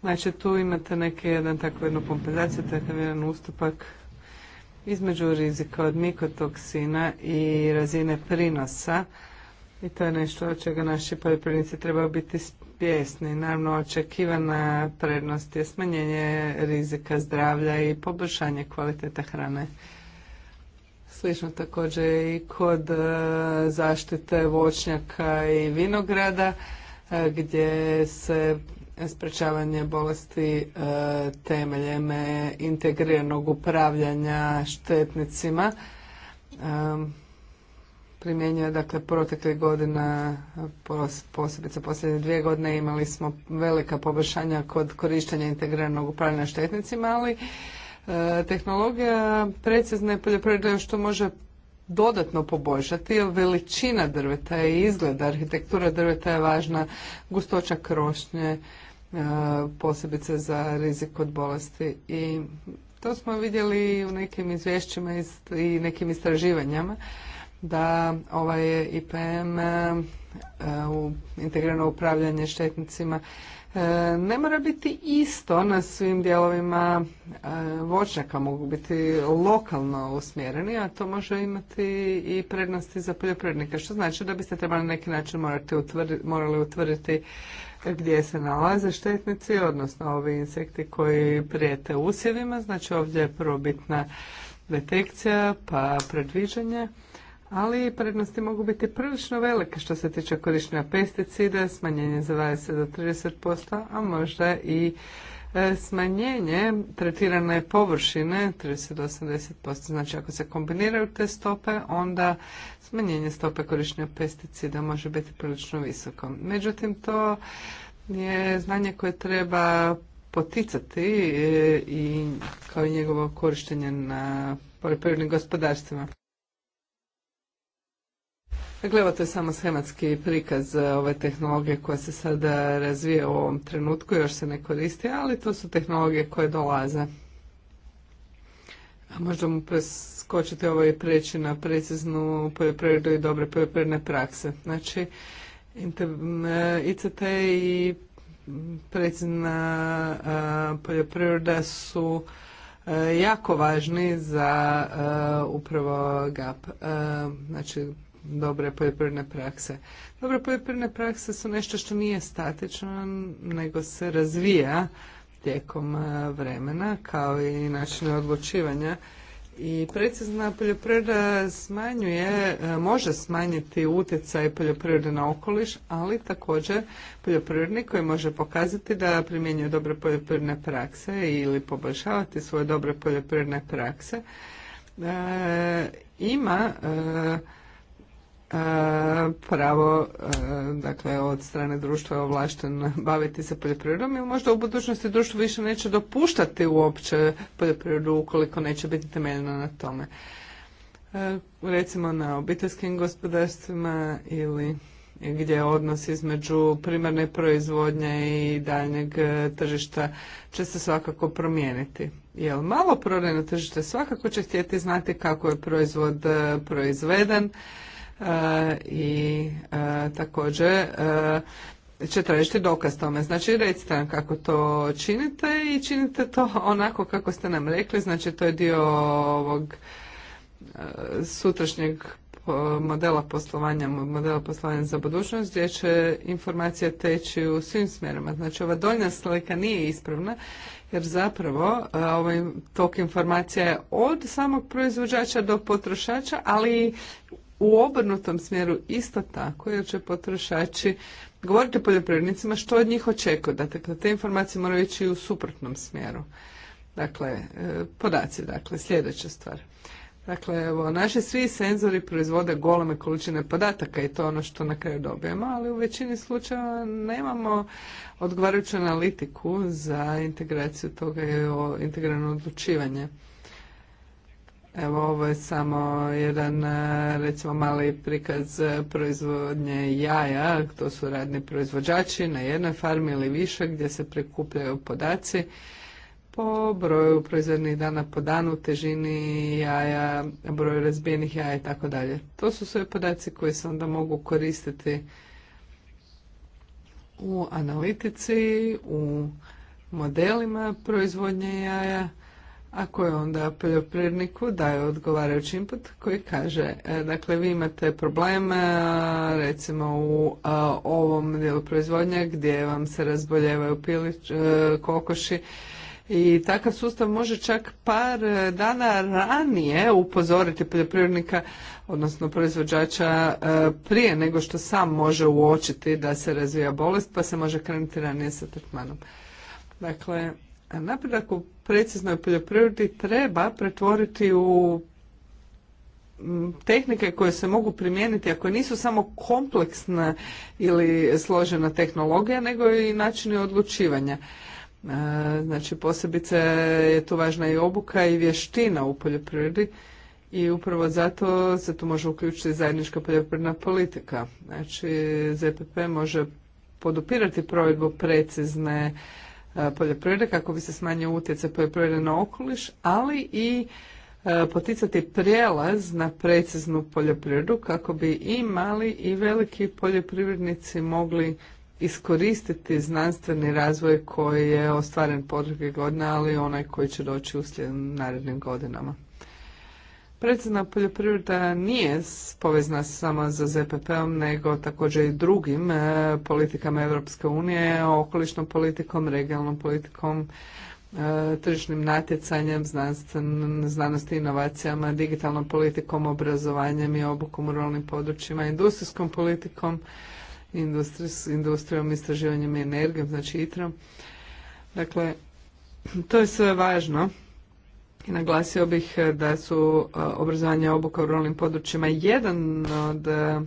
Znači tu imate neke jedan takvu jednu kompenzaciju, takav jedan ustupak između rizika od mikotoksina i razine prinosa i to je nešto od čega naši poljoprivrednici trebaju biti spjesni. Naravno, očekivana prednost je smanjenje rizika zdravlja i poboljšanje kvalitete hrane. Slično također i kod e, zaštite voćnjaka i vinograda, e, gdje se sprečavanje bolesti e, temeljem integriranog upravljanja štetnicima primjenjuje dakle proteklih godina, posebice posljednje dvije godine imali smo velika poboljšanja kod korištenja integriranog upravljanja štetnicima, ali e, tehnologija precizne poljoprivrede još to može dodatno poboljšati veličina drveta i izgled, arhitektura drveta je važna, gustoća krošnje, e, posebice za rizik od bolesti i to smo vidjeli u nekim izvješćima i nekim istraživanjama da ovaj IPM e, u integrirano upravljanje štetnicima e, ne mora biti isto na svim dijelovima e, voćnjaka, mogu biti lokalno usmjereni, a to može imati i prednosti za poljoprivrednike, što znači da biste trebali na neki način morali utvrditi gdje se nalaze štetnici, odnosno ovi insekti koji prijete usjevima, znači ovdje je prvobitna detekcija, pa predviđanje ali prednosti mogu biti prilično velike što se tiče korištenja pesticida, smanjenje za 20 do 30%, a možda i e, smanjenje tretirane površine 30 do 80%. Znači ako se kombiniraju te stope, onda smanjenje stope korištenja pesticida može biti prilično visoko. Međutim, to je znanje koje treba poticati e, i kao i njegovo korištenje na poljoprivrednim gospodarstvima. Dakle, to je samo schematski prikaz e, ove tehnologije koja se sada razvije u ovom trenutku, još se ne koristi, ali to su tehnologije koje dolaze. A možda mu preskočiti ovo i preći na preciznu poljoprivredu i dobre poljoprivredne prakse. Znači, ICT i precizna e, poljoprivreda su e, jako važni za upravo GAP. Znači, dobre poljoprivredne prakse. Dobre poljoprivredne prakse su nešto što nije statično, nego se razvija tijekom e, vremena, kao i načine odlučivanja. I precizna poljoprivreda smanjuje, e, može smanjiti utjecaj poljoprivrede na okoliš, ali također poljoprivrednik koji može pokazati da primjenjuje dobre poljoprivredne prakse ili poboljšavati svoje dobre poljoprivredne prakse, e, ima pravo eh, dakle od strane društva je ovlašten baviti se poljoprivredom ili možda u budućnosti društvo više neće dopuštati uopće poljoprivredu ukoliko neće biti temeljeno na tome. Eh, recimo na obiteljskim gospodarstvima ili gdje je odnos između primarne proizvodnje i daljnjeg eh, tržišta će se svakako promijeniti. Jer malo prodajno tržište svakako će htjeti znati kako je proizvod proizveden, E, i e, također e, će tražiti dokaz tome. Znači recite nam kako to činite i činite to onako kako ste nam rekli, znači to je dio ovog sutrašnjeg modela poslovanja, modela poslovanja za budućnost gdje će informacija teći u svim smjerima. Znači ova doljna slika nije ispravna jer zapravo ovaj tok informacija je od samog proizvođača do potrošača, ali u obrnutom smjeru isto tako, jer će potrošači govoriti poljoprivrednicima što od njih očekuje. Dakle, te informacije moraju ići i u suprotnom smjeru. Dakle, e, podaci, dakle, sljedeća stvar. Dakle, evo, naši svi senzori proizvode goleme količine podataka i to je ono što na kraju dobijemo, ali u većini slučajeva nemamo odgovarajuću analitiku za integraciju toga i o integrano odlučivanje. Evo ovo je samo jedan e, recimo mali prikaz e, proizvodnje jaja, to su radni proizvođači na jednoj farmi ili više gdje se prikupljaju podaci po broju proizvodnih dana po danu, težini jaja, broju razbijenih jaja i tako dalje. To su sve podaci koji se onda mogu koristiti u analitici, u modelima proizvodnje jaja ako je onda poljoprivredniku daje odgovarajući input koji kaže, e, dakle vi imate probleme recimo u e, ovom dijelu proizvodnje gdje vam se razboljevaju e, kokoši i takav sustav može čak par dana ranije upozoriti poljoprivrednika, odnosno proizvođača prije nego što sam može uočiti da se razvija bolest pa se može krenuti ranije sa tretmanom. Dakle, napredak u preciznoj poljoprivredi treba pretvoriti u tehnike koje se mogu primijeniti, ako nisu samo kompleksna ili složena tehnologija, nego i načini odlučivanja. E, znači posebice je tu važna i obuka i vještina u poljoprivredi i upravo zato se tu može uključiti zajednička poljoprivredna politika. Znači ZPP može podupirati provedbu precizne E, poljoprivrede kako bi se smanjio utjecaj poljoprivrede na okoliš, ali i e, poticati prijelaz na preciznu poljoprivredu kako bi i mali i veliki poljoprivrednici mogli iskoristiti znanstveni razvoj koji je ostvaren proteklih godina, ali onaj koji će doći u narednim godinama. Predsjedna poljoprivreda nije povezna samo za ZPP-om, nego također i drugim e, politikama Europske unije, okolišnom politikom, regionalnom politikom, e, tržišnim natjecanjem, znanosti i inovacijama, digitalnom politikom, obrazovanjem i obukom u ruralnim područjima, industrijskom politikom, industrijom, istraživanjem i energijom, znači ITROM. Dakle, to je sve važno i naglasio bih e, da su e, obrazovanje obuka u ruralnim područjima jedan od e,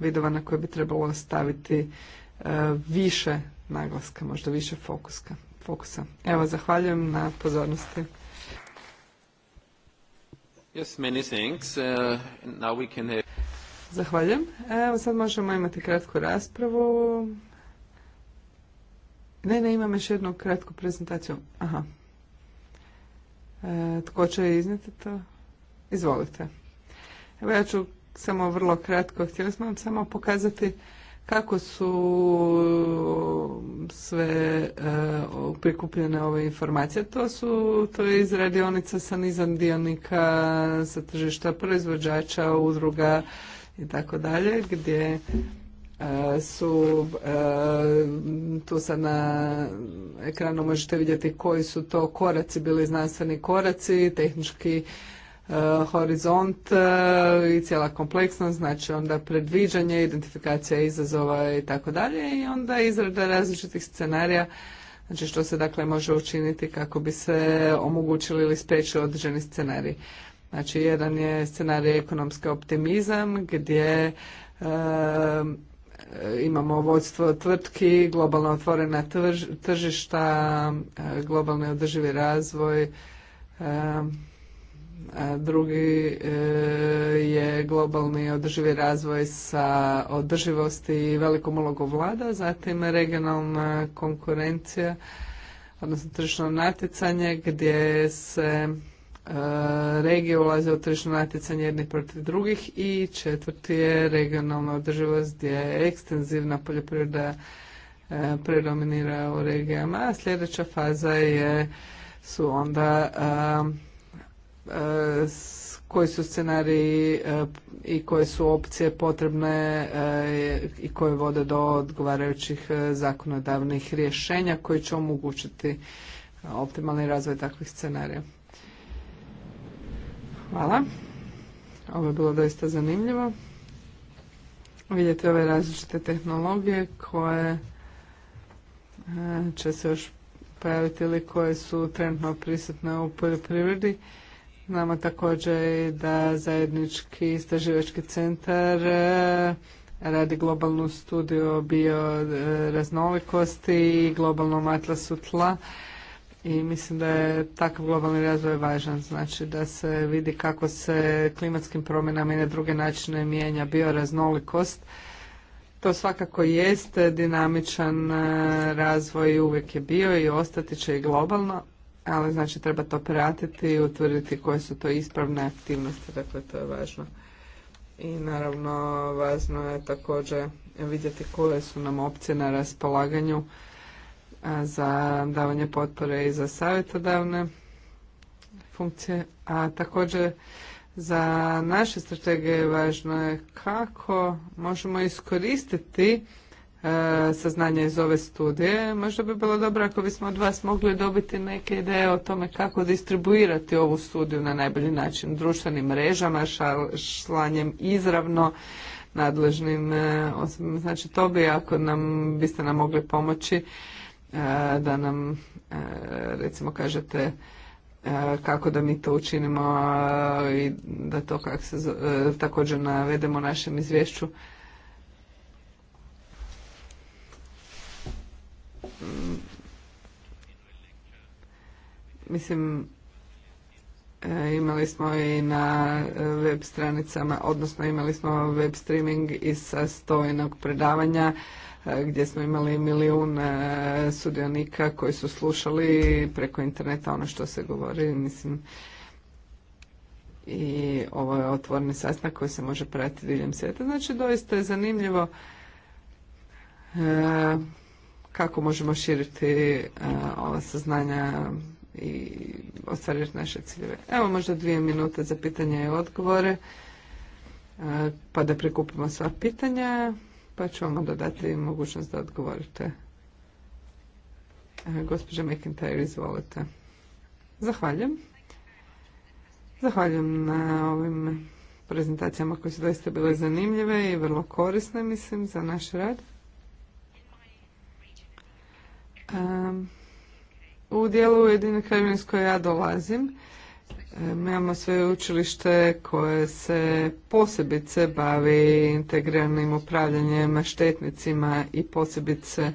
vidova na koje bi trebalo staviti više naglaska, možda više fokuska, fokusa. Evo, zahvaljujem na pozornosti. Yes, many uh, now we can Zahvaljujem. Evo, sad možemo imati kratku raspravu. Ne, ne, imam još jednu kratku prezentaciju. Aha. Tko će iznijeti to? Izvolite. Evo ja ću samo vrlo kratko, htjeli smo vam samo pokazati kako su sve e, prikupljene ove informacije. To su, to je iz radionica sa nizom dionika, sa tržišta proizvođača, udruga i tako dalje, gdje E, su e, tu sad na ekranu možete vidjeti koji su to koraci bili znanstveni koraci, tehnički e, horizont i cijela kompleksnost, znači onda predviđanje, identifikacija izazova i tako dalje i onda izrada različitih scenarija Znači što se dakle može učiniti kako bi se omogućili ili spriječili određeni scenarij. Znači jedan je scenarij ekonomski optimizam gdje E, imamo vodstvo tvrtki, globalno otvorena tržišta, e, globalni održivi razvoj, e, drugi je globalni održivi razvoj sa održivosti i velikom ulogom vlada, zatim regionalna konkurencija, odnosno tržišno natjecanje gdje se regije ulaze u tržišno natjecanje jednih protiv drugih i četvrti je regionalna održivost gdje je ekstenzivna poljoprivreda e, predominira u regijama, a sljedeća faza je su onda koji su scenariji e, i koje su opcije potrebne e, i koje vode do odgovarajućih zakonodavnih rješenja koji će omogućiti optimalni razvoj takvih scenarija. Hvala. Ovo je bilo doista zanimljivo. Vidjeti ove različite tehnologije koje e, će se još pojaviti ili koje su trenutno prisutne u poljoprivredi. Znamo također i da zajednički istraživački centar e, radi globalnu studiju o bioraznolikosti e, i globalnom atlasu tla i mislim da je takav globalni razvoj važan, znači da se vidi kako se klimatskim promjenama i na druge načine mijenja bioraznolikost. To svakako jest dinamičan e, razvoj i uvijek je bio i ostati će i globalno, ali znači treba to pratiti i utvrditi koje su to ispravne aktivnosti, dakle to je važno. I naravno važno je također vidjeti koje su nam opcije na raspolaganju za davanje potpore i za savjetodavne funkcije, a također za naše strategije važno je kako možemo iskoristiti e, saznanje iz ove studije. Možda bi bilo dobro ako bismo od vas mogli dobiti neke ideje o tome kako distribuirati ovu studiju na najbolji način, društvenim mrežama, šlanjem izravno nadležnim e, osobama. Znači to bi, ako nam biste nam mogli pomoći, E, da nam e, recimo kažete e, kako da mi to učinimo i da to kak se također navedemo u našem izvješću. Mislim, imali smo i na web stranicama, odnosno imali smo web streaming iz stojnog predavanja gdje smo imali milijun e, sudionika koji su slušali preko interneta ono što se govori. Mislim, i ovo je otvorni sastanak koji se može pratiti diljem svijeta. Znači, doista je zanimljivo e, kako možemo širiti e, ova saznanja i ostvariti naše ciljeve. Evo možda dvije minute za pitanje i odgovore, pa da prikupimo sva pitanja pa ću vam dodati mogućnost da odgovorite. E, gospođa McIntyre, izvolite. Zahvaljujem. Zahvaljujem na ovim prezentacijama koje su doista bile zanimljive i vrlo korisne, mislim, za naš rad. u dijelu Ujedine kraljevine ja dolazim, mi imamo sveučilište koje se posebice bavi integriranim upravljanjem štetnicima i posebice e,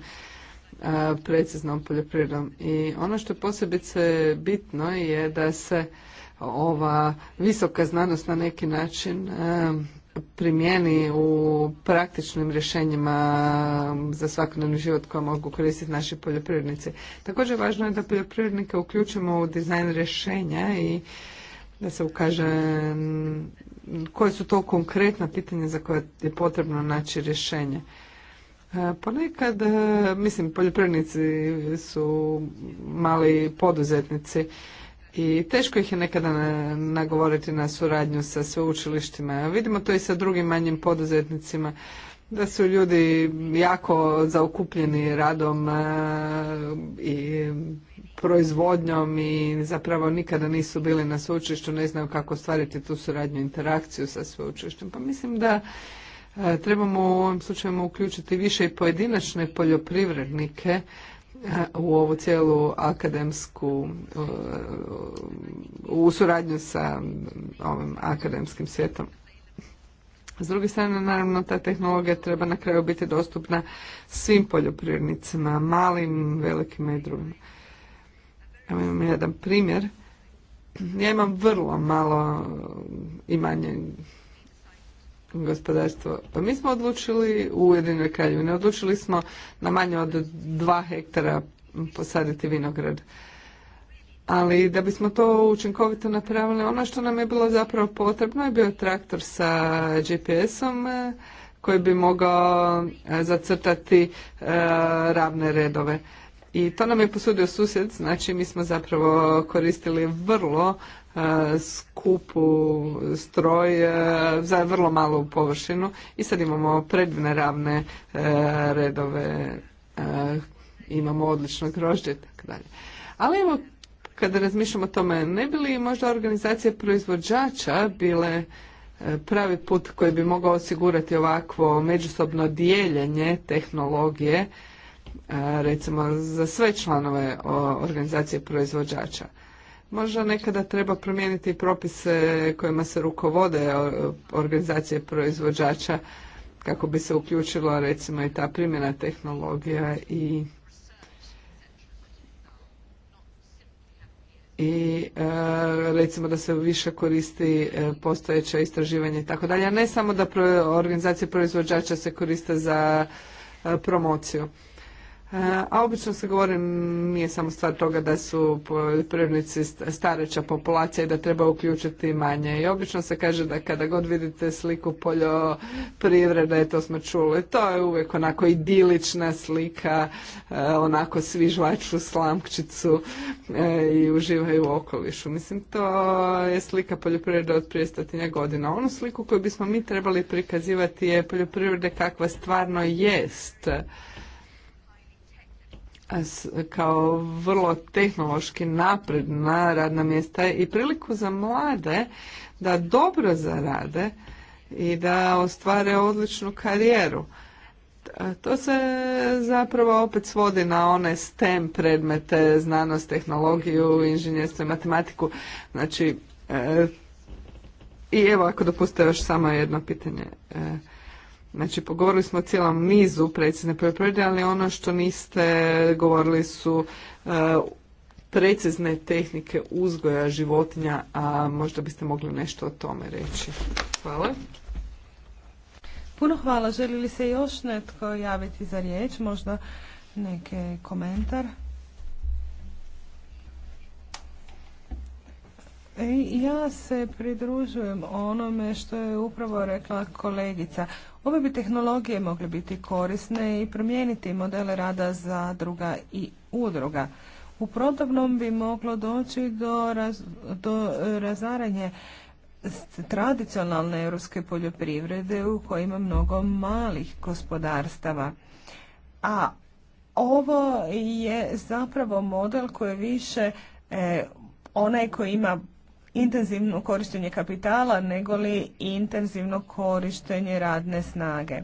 preciznom poljoprivredom. I ono što je posebice bitno je da se ova visoka znanost na neki način primijeni u praktičnim rješenjima za svakodnevni život koje mogu koristiti naši poljoprivrednici. Također važno je da poljoprivrednike uključimo u dizajn rješenja i da se ukaže koje su to konkretna pitanja za koje je potrebno naći rješenje. E, ponekad, e, mislim, poljoprivrednici su mali poduzetnici i teško ih je nekada nagovoriti na suradnju sa sveučilištima. Vidimo to i sa drugim manjim poduzetnicima da su ljudi jako zaokupljeni radom e, i proizvodnjom i zapravo nikada nisu bili na sveučilištu, ne znaju kako ostvariti tu suradnju, interakciju sa sveučilištem. Pa mislim da e, trebamo u ovom slučaju uključiti više i pojedinačne poljoprivrednike u ovu cijelu akademsku e, u suradnju sa ovim akademskim svijetom. S druge strane, naravno, ta tehnologija treba na kraju biti dostupna svim poljoprivrednicima, malim, velikim i drugim. Evo imam jedan primjer. Ja imam vrlo malo imanje gospodarstvo. Pa mi smo odlučili u Ujedinoj kraljevini, odlučili smo na manje od dva hektara posaditi vinograd. Ali da bismo to učinkovito napravili, ono što nam je bilo zapravo potrebno je bio traktor sa GPS-om eh, koji bi mogao eh, zacrtati eh, ravne redove. I to nam je posudio susjed, znači mi smo zapravo koristili vrlo skupu stroj e, za vrlo malu površinu i sad imamo predivne ravne e, redove, e, imamo odlično grožđe i tako dalje. Ali evo, kada razmišljamo o tome, ne bi li možda organizacije proizvođača bile pravi put koji bi mogao osigurati ovakvo međusobno dijeljenje tehnologije, recimo za sve članove organizacije proizvođača. Možda nekada treba promijeniti propise kojima se rukovode organizacije proizvođača kako bi se uključila recimo i ta primjena tehnologija i i e, recimo da se više koristi e, postojeća istraživanje i tako dalje, a ne samo da organizacije proizvođača se koriste za e, promociju. E, a obično se govori, nije samo stvar toga da su poljoprivrednici stareća populacija i da treba uključiti manje. I obično se kaže da kada god vidite sliku poljoprivrede, to smo čuli, to je uvijek onako idilična slika, e, onako svi žvaču slamkčicu e, i uživaju u okolišu. Mislim, to je slika poljoprivrede od prije stotinja godina. Onu sliku koju bismo mi trebali prikazivati je poljoprivrede kakva stvarno jest kao vrlo tehnološki napredna radna mjesta i priliku za mlade da dobro zarade i da ostvare odličnu karijeru. To se zapravo opet svodi na one STEM predmete, znanost, tehnologiju, inženjerstvo i matematiku. Znači, e, i evo ako dopustite još samo jedno pitanje. E, Znači, pogovorili smo o cijelom nizu precizne poljoprivrede, ali ono što niste govorili su e, precizne tehnike uzgoja životinja, a možda biste mogli nešto o tome reći. Hvala. Puno hvala. Želi li se još netko javiti za riječ? Možda neki komentar? E, ja se pridružujem onome što je upravo rekla kolegica. Ove bi tehnologije mogle biti korisne i promijeniti modele rada za druga i udruga. U protivnom bi moglo doći do, raz, razaranje tradicionalne europske poljoprivrede u kojoj ima mnogo malih gospodarstava. A ovo je zapravo model koji je više e, onaj koji ima intenzivno korištenje kapitala nego li intenzivno korištenje radne snage.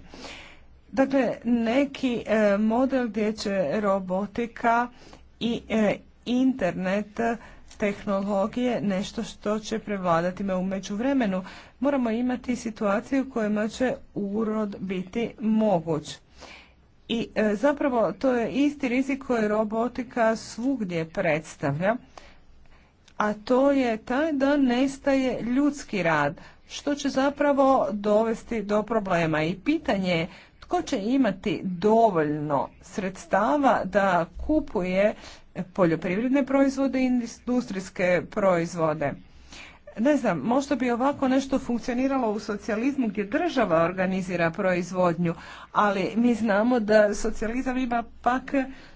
Dakle, neki e, model gdje će robotika i e, internet tehnologije nešto što će prevladati me u međuvremenu. Moramo imati situaciju u kojima će urod biti moguć. I e, zapravo to je isti rizik koji robotika svugdje predstavlja a to je taj da nestaje ljudski rad, što će zapravo dovesti do problema. I pitanje je tko će imati dovoljno sredstava da kupuje poljoprivredne proizvode i industrijske proizvode. Ne znam, možda bi ovako nešto funkcioniralo u socijalizmu gdje država organizira proizvodnju, ali mi znamo da socijalizam ima pak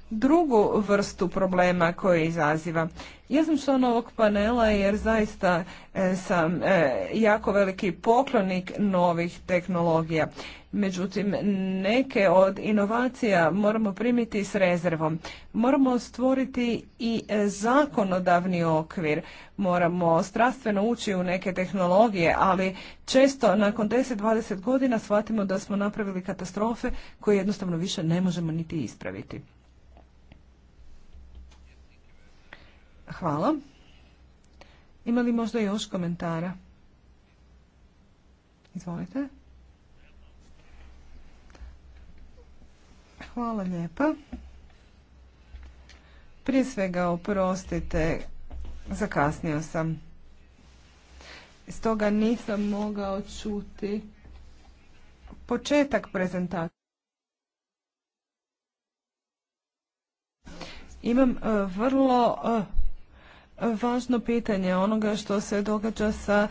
drugu vrstu problema koje izaziva. Ja sam član ovog panela jer zaista e, sam e, jako veliki poklonik novih tehnologija. Međutim, neke od inovacija moramo primiti s rezervom. Moramo stvoriti i zakonodavni okvir. Moramo strastveno ući u neke tehnologije, ali često nakon 10-20 godina shvatimo da smo napravili katastrofe koje jednostavno više ne možemo niti ispraviti. Hvala. Ima li možda još komentara? Izvolite. Hvala lijepa. Prije svega oprostite, zakasnio sam. Stoga nisam mogao čuti početak prezentacije. Imam e, vrlo e, važno pitanje onoga što se događa sa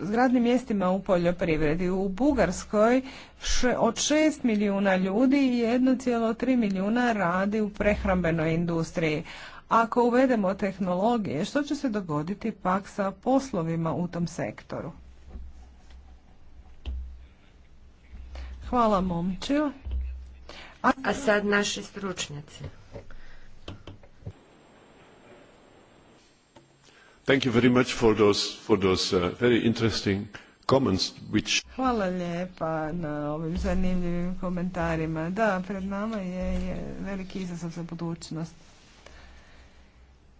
zgradnim mjestima u poljoprivredi. U Bugarskoj od 6 milijuna ljudi i 1,3 milijuna radi u prehrambenoj industriji. Ako uvedemo tehnologije, što će se dogoditi pak sa poslovima u tom sektoru? Hvala momčil. A sad naši stručnjaci. Thank you very much for those, uh, Hvala lijepa na ovim zanimljivim komentarima. Da, pred nama je, veliki izazov za budućnost.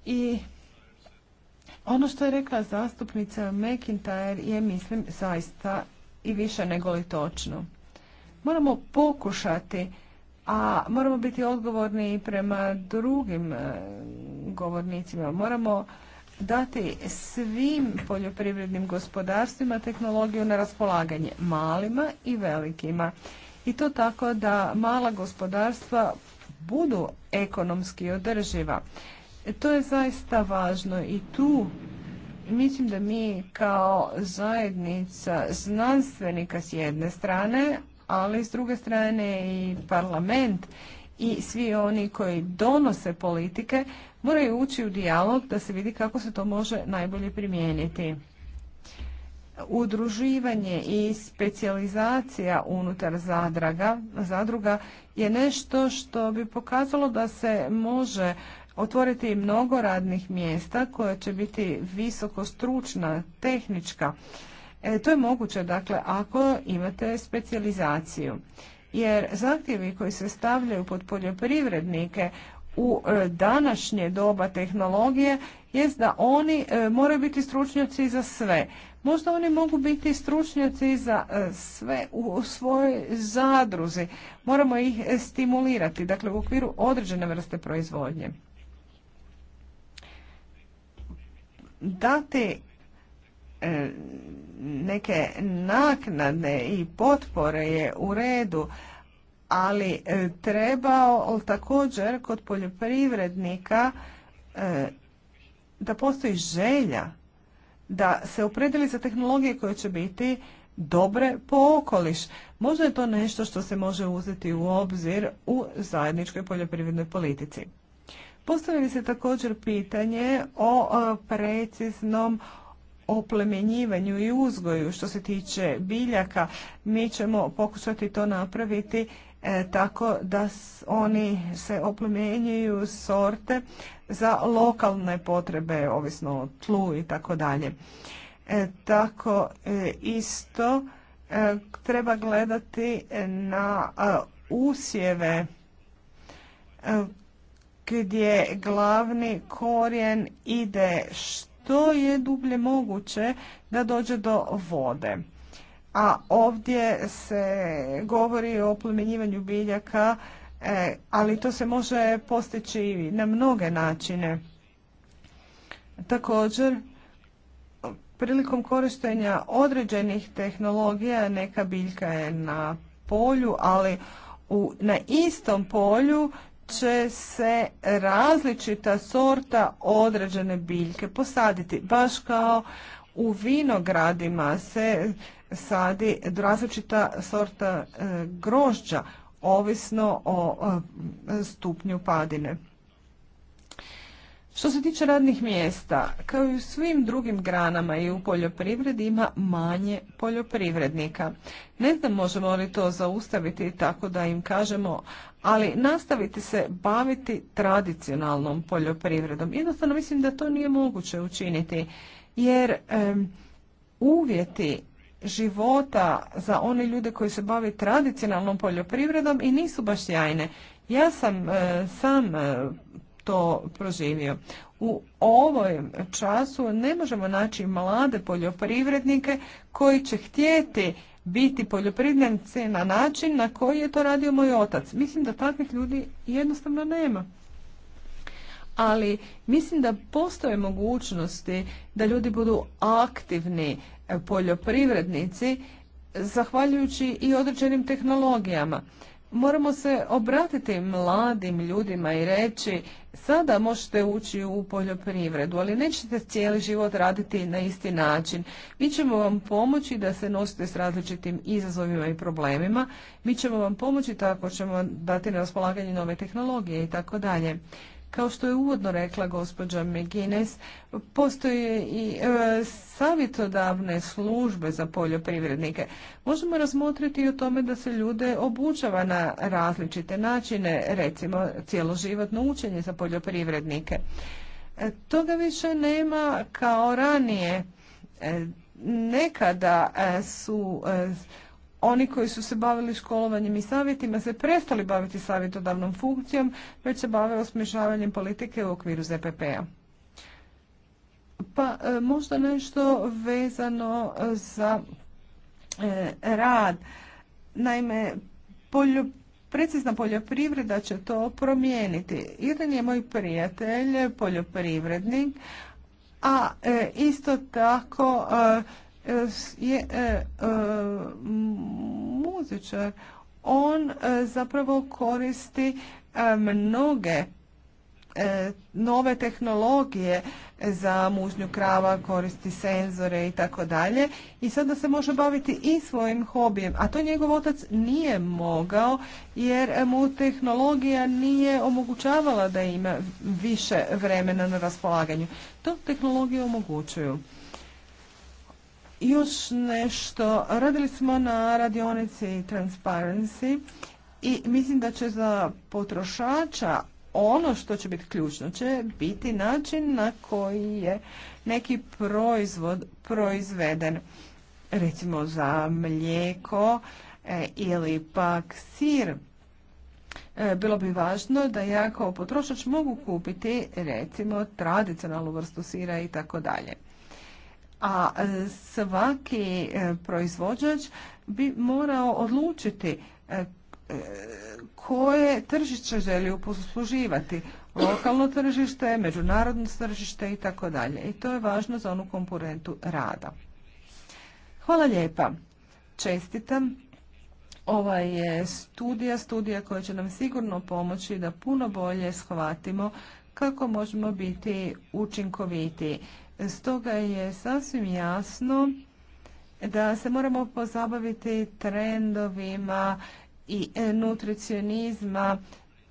I ono što je rekla zastupnica McIntyre je, mislim, zaista i više nego li točno. Moramo pokušati, a moramo biti odgovorni i prema drugim e, govornicima. Moramo dati svim poljoprivrednim gospodarstvima tehnologiju na raspolaganje malima i velikima. I to tako da mala gospodarstva budu ekonomski održiva. To je zaista važno i tu mislim da mi kao zajednica znanstvenika s jedne strane, ali s druge strane i parlament i svi oni koji donose politike moraju ući u dijalog da se vidi kako se to može najbolje primijeniti. Udruživanje i specijalizacija unutar zadraga, zadruga je nešto što bi pokazalo da se može otvoriti mnogo radnih mjesta koja će biti visoko stručna, tehnička. E, to je moguće, dakle, ako imate specijalizaciju. Jer zahtjevi koji se stavljaju pod poljoprivrednike u e, današnje doba tehnologije jest da oni e, moraju biti stručnjaci za sve. Možda oni mogu biti stručnjaci za e, sve u svojoj zadruzi. Moramo ih stimulirati, dakle u okviru određene vrste proizvodnje. Dati neke naknade i potpore je u redu, ali e, treba također kod poljoprivrednika e, da postoji želja da se opredeli za tehnologije koje će biti dobre po okoliš. Možda je to nešto što se može uzeti u obzir u zajedničkoj poljoprivrednoj politici. Postavili se također pitanje o e, preciznom oplemenjivanju i uzgoju što se tiče biljaka. Mi ćemo pokušati to napraviti E, tako da oni se oplemenjuju sorte za lokalne potrebe, ovisno o tlu i tako dalje. E, tako e, isto treba gledati na usjeve gdje glavni korijen ide što je dublje moguće da dođe do vode a ovdje se govori o plemenjivanju biljaka, e, ali to se može postići na mnoge načine. Također, prilikom korištenja određenih tehnologija neka biljka je na polju, ali u, na istom polju će se različita sorta određene biljke posaditi, baš kao u vinogradima se sadi različita sorta e, grožđa, ovisno o e, stupnju padine. Što se tiče radnih mjesta, kao i u svim drugim granama i u poljoprivredi ima manje poljoprivrednika. Ne znam možemo li to zaustaviti tako da im kažemo, ali nastaviti se baviti tradicionalnom poljoprivredom. Jednostavno mislim da to nije moguće učiniti jer uvjeti života za one ljude koji se bave tradicionalnom poljoprivredom i nisu baš jajne. Ja sam e, sam e, to proživio. U ovom času ne možemo naći mlade poljoprivrednike koji će htjeti biti poljoprivrednici na način na koji je to radio moj otac. Mislim da takvih ljudi jednostavno nema ali mislim da postoje mogućnosti da ljudi budu aktivni e, poljoprivrednici zahvaljujući i određenim tehnologijama. Moramo se obratiti mladim ljudima i reći sada možete ući u poljoprivredu, ali nećete cijeli život raditi na isti način. Mi ćemo vam pomoći da se nosite s različitim izazovima i problemima. Mi ćemo vam pomoći tako ćemo dati na raspolaganje nove tehnologije i tako dalje. Kao što je uvodno rekla gospođa McGuinness, postoje i savitodavne savjetodavne službe za poljoprivrednike. Možemo razmotriti i o tome da se ljude obučava na različite načine, recimo cjeloživotno učenje za poljoprivrednike. E, toga više nema kao ranije. E, nekada e, su oni koji su se bavili školovanjem i savjetima se prestali baviti savjetodavnom funkcijom, već se bave osmišljavanjem politike u okviru ZPP-a. Pa, pa e, možda nešto vezano e, za e, rad. Naime, precizna poljoprivreda će to promijeniti. Jedan je moj prijatelj, poljoprivrednik, a isto tako je e, e, muzičar. On e, zapravo koristi mnoge nove tehnologije za mužnju krava, koristi senzore i tako dalje. I sada se može baviti i svojim hobijem. A to njegov otac nije mogao jer mu tehnologija nije omogućavala da ima više vremena na raspolaganju. To tehnologije omogućuju. Još nešto. Radili smo na radionici Transparency i mislim da će za potrošača ono što će biti ključno će biti način na koji je neki proizvod proizveden. Recimo za mlijeko e, ili pak sir. E, bilo bi važno da ja kao potrošač mogu kupiti recimo tradicionalnu vrstu sira i tako dalje a e, svaki e, proizvođač bi morao odlučiti e, koje tržište želi posluživati lokalno tržište, međunarodno tržište i tako dalje. I to je važno za onu komponentu rada. Hvala lijepa. Čestitam. Ova je studija, studija koja će nam sigurno pomoći da puno bolje shvatimo kako možemo biti učinkoviti. Stoga je sasvim jasno da se moramo pozabaviti trendovima i e, nutricionizma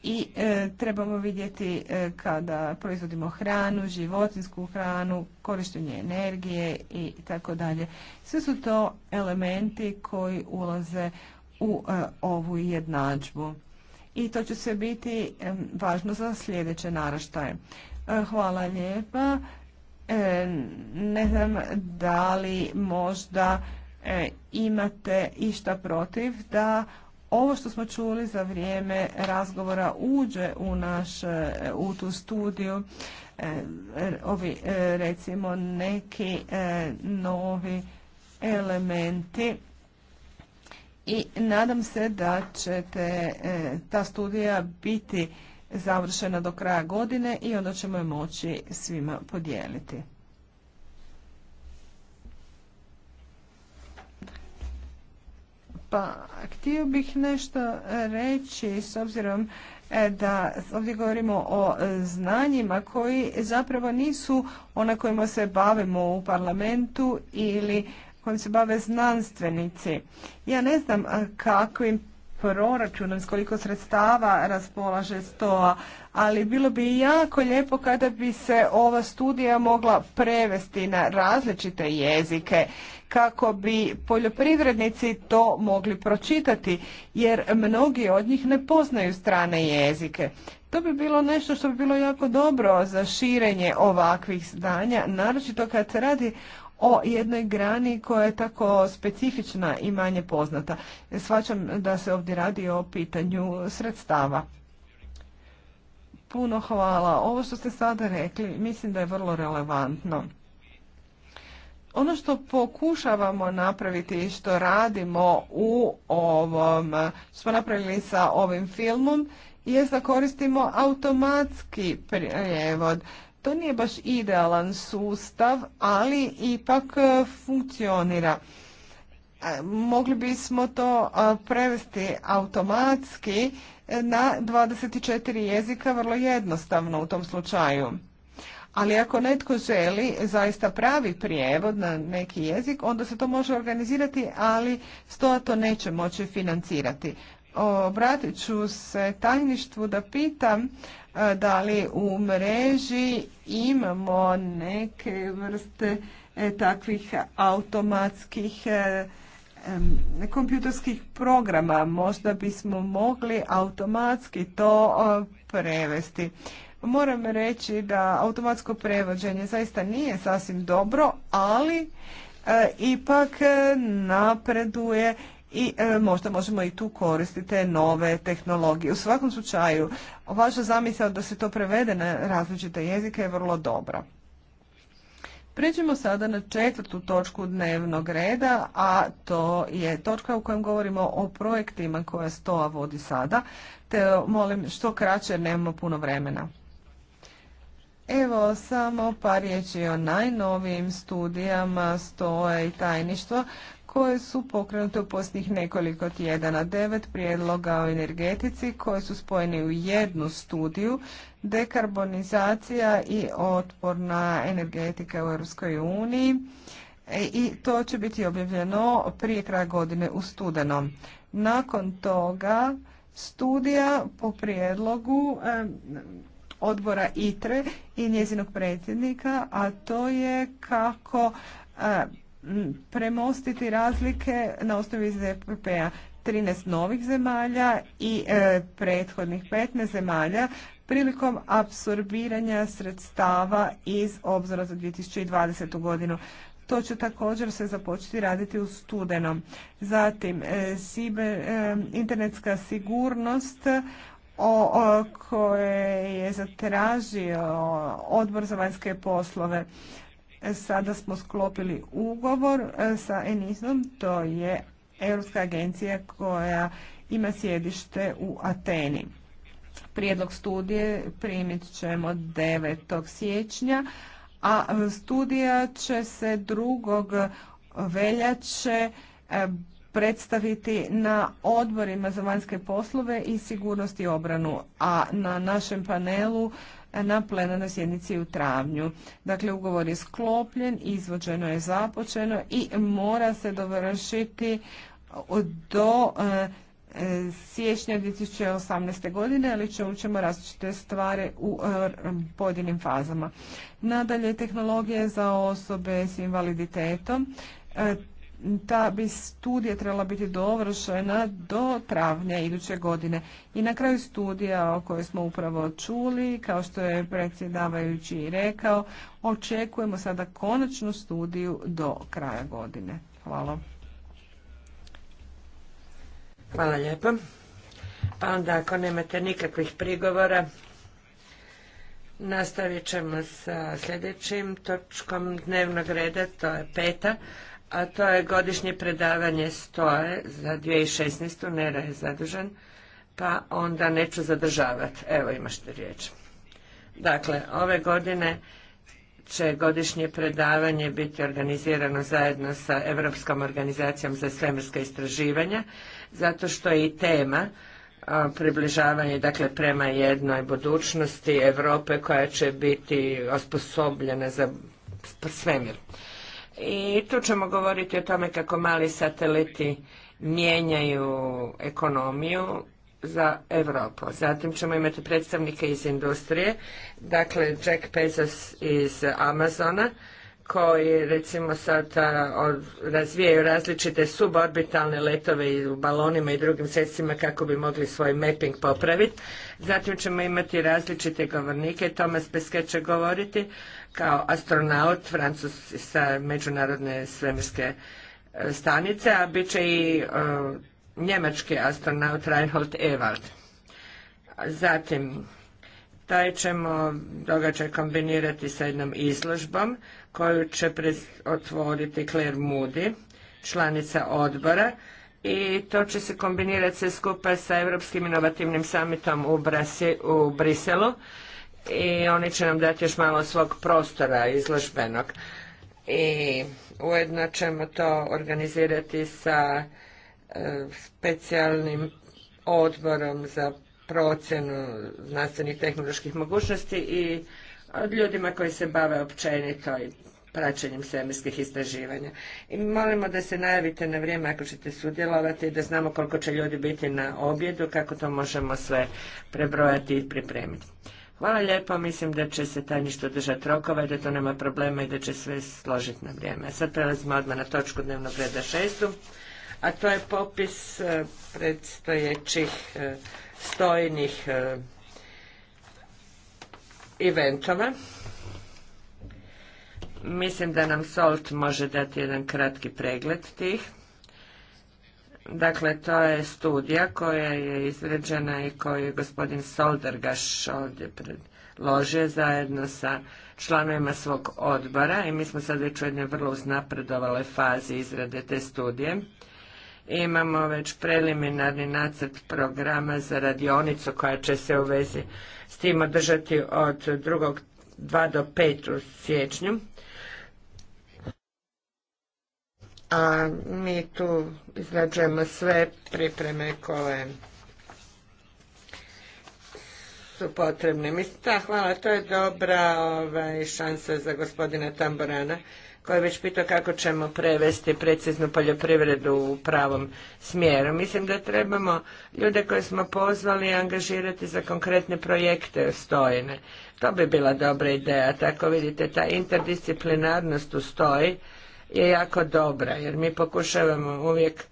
i e, trebamo vidjeti e, kada proizvodimo hranu, životinsku hranu, korištenje energije i tako dalje. Sve su to elementi koji ulaze u ovu jednadžbu. I to će sve biti važno za sljedeće naraštaje. Hvala lijepa. E, ne znam da li možda e, imate išta protiv da ovo što smo čuli za vrijeme razgovora uđe u naš, e, u tu studiju, ovi recimo neki novi elementi i nadam se da će ta studija biti završena do kraja godine i onda ćemo je moći svima podijeliti. Pa, htio bih nešto reći s obzirom e, da ovdje govorimo o znanjima koji zapravo nisu ona kojima se bavimo u parlamentu ili kojim se bave znanstvenici. Ja ne znam kakvim proračunom, s koliko sredstava raspolaže stoa, ali bilo bi jako lijepo kada bi se ova studija mogla prevesti na različite jezike kako bi poljoprivrednici to mogli pročitati, jer mnogi od njih ne poznaju strane jezike. To bi bilo nešto što bi bilo jako dobro za širenje ovakvih znanja, naročito kad se radi o jednoj grani koja je tako specifična i manje poznata. Svačam da se ovdje radi o pitanju sredstava. Puno hvala. Ovo što ste sada rekli mislim da je vrlo relevantno. Ono što pokušavamo napraviti i što radimo u ovom, smo napravili sa ovim filmom, je da koristimo automatski prijevod. To nije baš idealan sustav, ali ipak e, funkcionira. E, mogli bismo to e, prevesti automatski na 24 jezika vrlo jednostavno u tom slučaju. Ali ako netko želi zaista pravi prijevod na neki jezik, onda se to može organizirati, ali stoja to neće moći financirati obratit ću se tajništvu da pitam e, da li u mreži imamo neke vrste e, takvih automatskih e, kompjuterskih programa. Možda bismo mogli automatski to prevesti. Moram reći da automatsko prevođenje zaista nije sasvim dobro, ali ipak napreduje i e, možda možemo i tu koristiti nove tehnologije. U svakom slučaju, vaša zamisao da se to prevede na različite jezike je vrlo dobra. Pređemo sada na četvrtu točku dnevnog reda, a to je točka u kojem govorimo o projektima koja STOA vodi sada, te molim što kraće jer nemamo puno vremena. Evo samo par riječi o najnovijim studijama stoje i tajništvo koje su pokrenute u posljednjih nekoliko tjedana. Devet prijedloga o energetici koje su spojene u jednu studiju, dekarbonizacija i otporna energetika u EU uniji e, i to će biti objavljeno prije kraja godine u studenom. Nakon toga studija po prijedlogu odbora ITRE i njezinog predsjednika, a to je kako premostiti razlike na osnovi ZPP-a. 13 novih zemalja i e, prethodnih 15 zemalja prilikom apsorbiranja sredstava iz obzora za 2020. godinu. To će također se započeti raditi u studenom. Zatim, e, e internetska sigurnost o, koje je zatražio Odbor za vanjske poslove. Sada smo sklopili ugovor e, sa Enisom, to je Europska agencija koja ima sjedište u Ateni. Prijedlog studije primit ćemo 9. siječnja, a studija će se 2. veljače e, predstaviti na odborima za vanjske poslove i sigurnost i obranu, a na našem panelu na plenarnoj sjednici u travnju. Dakle, ugovor je sklopljen, izvođeno je započeno i mora se dovršiti do e, e, siječnja 2018. godine, ali ćemo različite stvari u e, pojedinim fazama. Nadalje, tehnologije za osobe s invaliditetom ta bi studija trebala biti dovršena do travnja iduće godine. I na kraju studija o kojoj smo upravo čuli, kao što je predsjedavajući rekao, očekujemo sada konačnu studiju do kraja godine. Hvala. Hvala lijepo. Pa onda ako nemate nikakvih prigovora, nastavit ćemo sa sljedećim točkom dnevnog reda, to je peta a to je godišnje predavanje stoje za 2016. Nera je zadužen, pa onda neću zadržavati. Evo imaš te riječ. Dakle, ove godine će godišnje predavanje biti organizirano zajedno sa Europskom organizacijom za svemirska istraživanja, zato što je i tema približavanje dakle, prema jednoj budućnosti Europe koja će biti osposobljena za svemir. I tu ćemo govoriti o tome kako mali sateliti mijenjaju ekonomiju za Europu. Zatim ćemo imati predstavnike iz industrije, dakle Jack Pezos iz Amazona, koji recimo sad razvijaju različite suborbitalne letove u balonima i drugim sredstvima kako bi mogli svoj mapping popraviti. Zatim ćemo imati različite govornike, Tomas Pesket će govoriti kao astronaut Francus sa međunarodne svemirske e, stanice, a bit će i e, njemački astronaut Reinhold Ewald. Zatim, taj ćemo događaj kombinirati sa jednom izložbom koju će otvoriti Claire Moody, članica odbora, i to će se kombinirati sve skupa sa Europskim inovativnim samitom u Briselu i oni će nam dati još malo svog prostora izložbenog. I ujedno ćemo to organizirati sa e, specijalnim odborom za procjenu znanstvenih tehnoloških mogućnosti i od ljudima koji se bave općenito i praćenjem svemirskih istraživanja. I molimo da se najavite na vrijeme ako ćete sudjelovati, da znamo koliko će ljudi biti na objedu, kako to možemo sve prebrojati i pripremiti. Hvala lijepo, mislim da će se tajništvo držati rokova i da to nema problema i da će sve složiti na vrijeme. Sad prelazimo odmah na točku dnevnog reda šestu, a to je popis e, predstojećih e, stojnih e, eventova. Mislim da nam Solt može dati jedan kratki pregled tih. Dakle, to je studija koja je izrađena i koju je gospodin Soldergaš ovdje predložio zajedno sa članovima svog odbora i mi smo sad već u jednoj vrlo uznapredovaloj fazi izrade te studije. Imamo već preliminarni nacrt programa za radionicu koja će se u vezi s tim održati od 2. do 5. u siječnju a mi tu izrađujemo sve pripreme koje su potrebne. Mislim, da, hvala, to je dobra ovaj, šansa za gospodina Tamborana koji je već pitao kako ćemo prevesti preciznu poljoprivredu u pravom smjeru. Mislim da trebamo ljude koje smo pozvali angažirati za konkretne projekte stojene. To bi bila dobra ideja. Tako vidite, ta interdisciplinarnost u stoji je jako dobra jer mi pokušavamo uvijek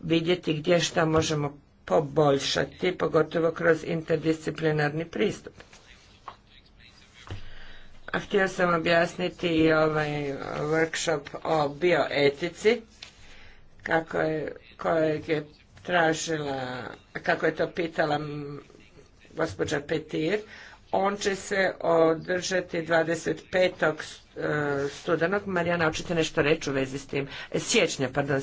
vidjeti gdje šta možemo poboljšati, pogotovo kroz interdisciplinarni pristup. A htio sam objasniti i ovaj workshop o bioetici, kako je, kojeg je tražila, kako je to pitala gospođa Petir. On će se održati 25. E, studenog. Marijana, hoćete nešto reći u vezi s tim? E, pardon,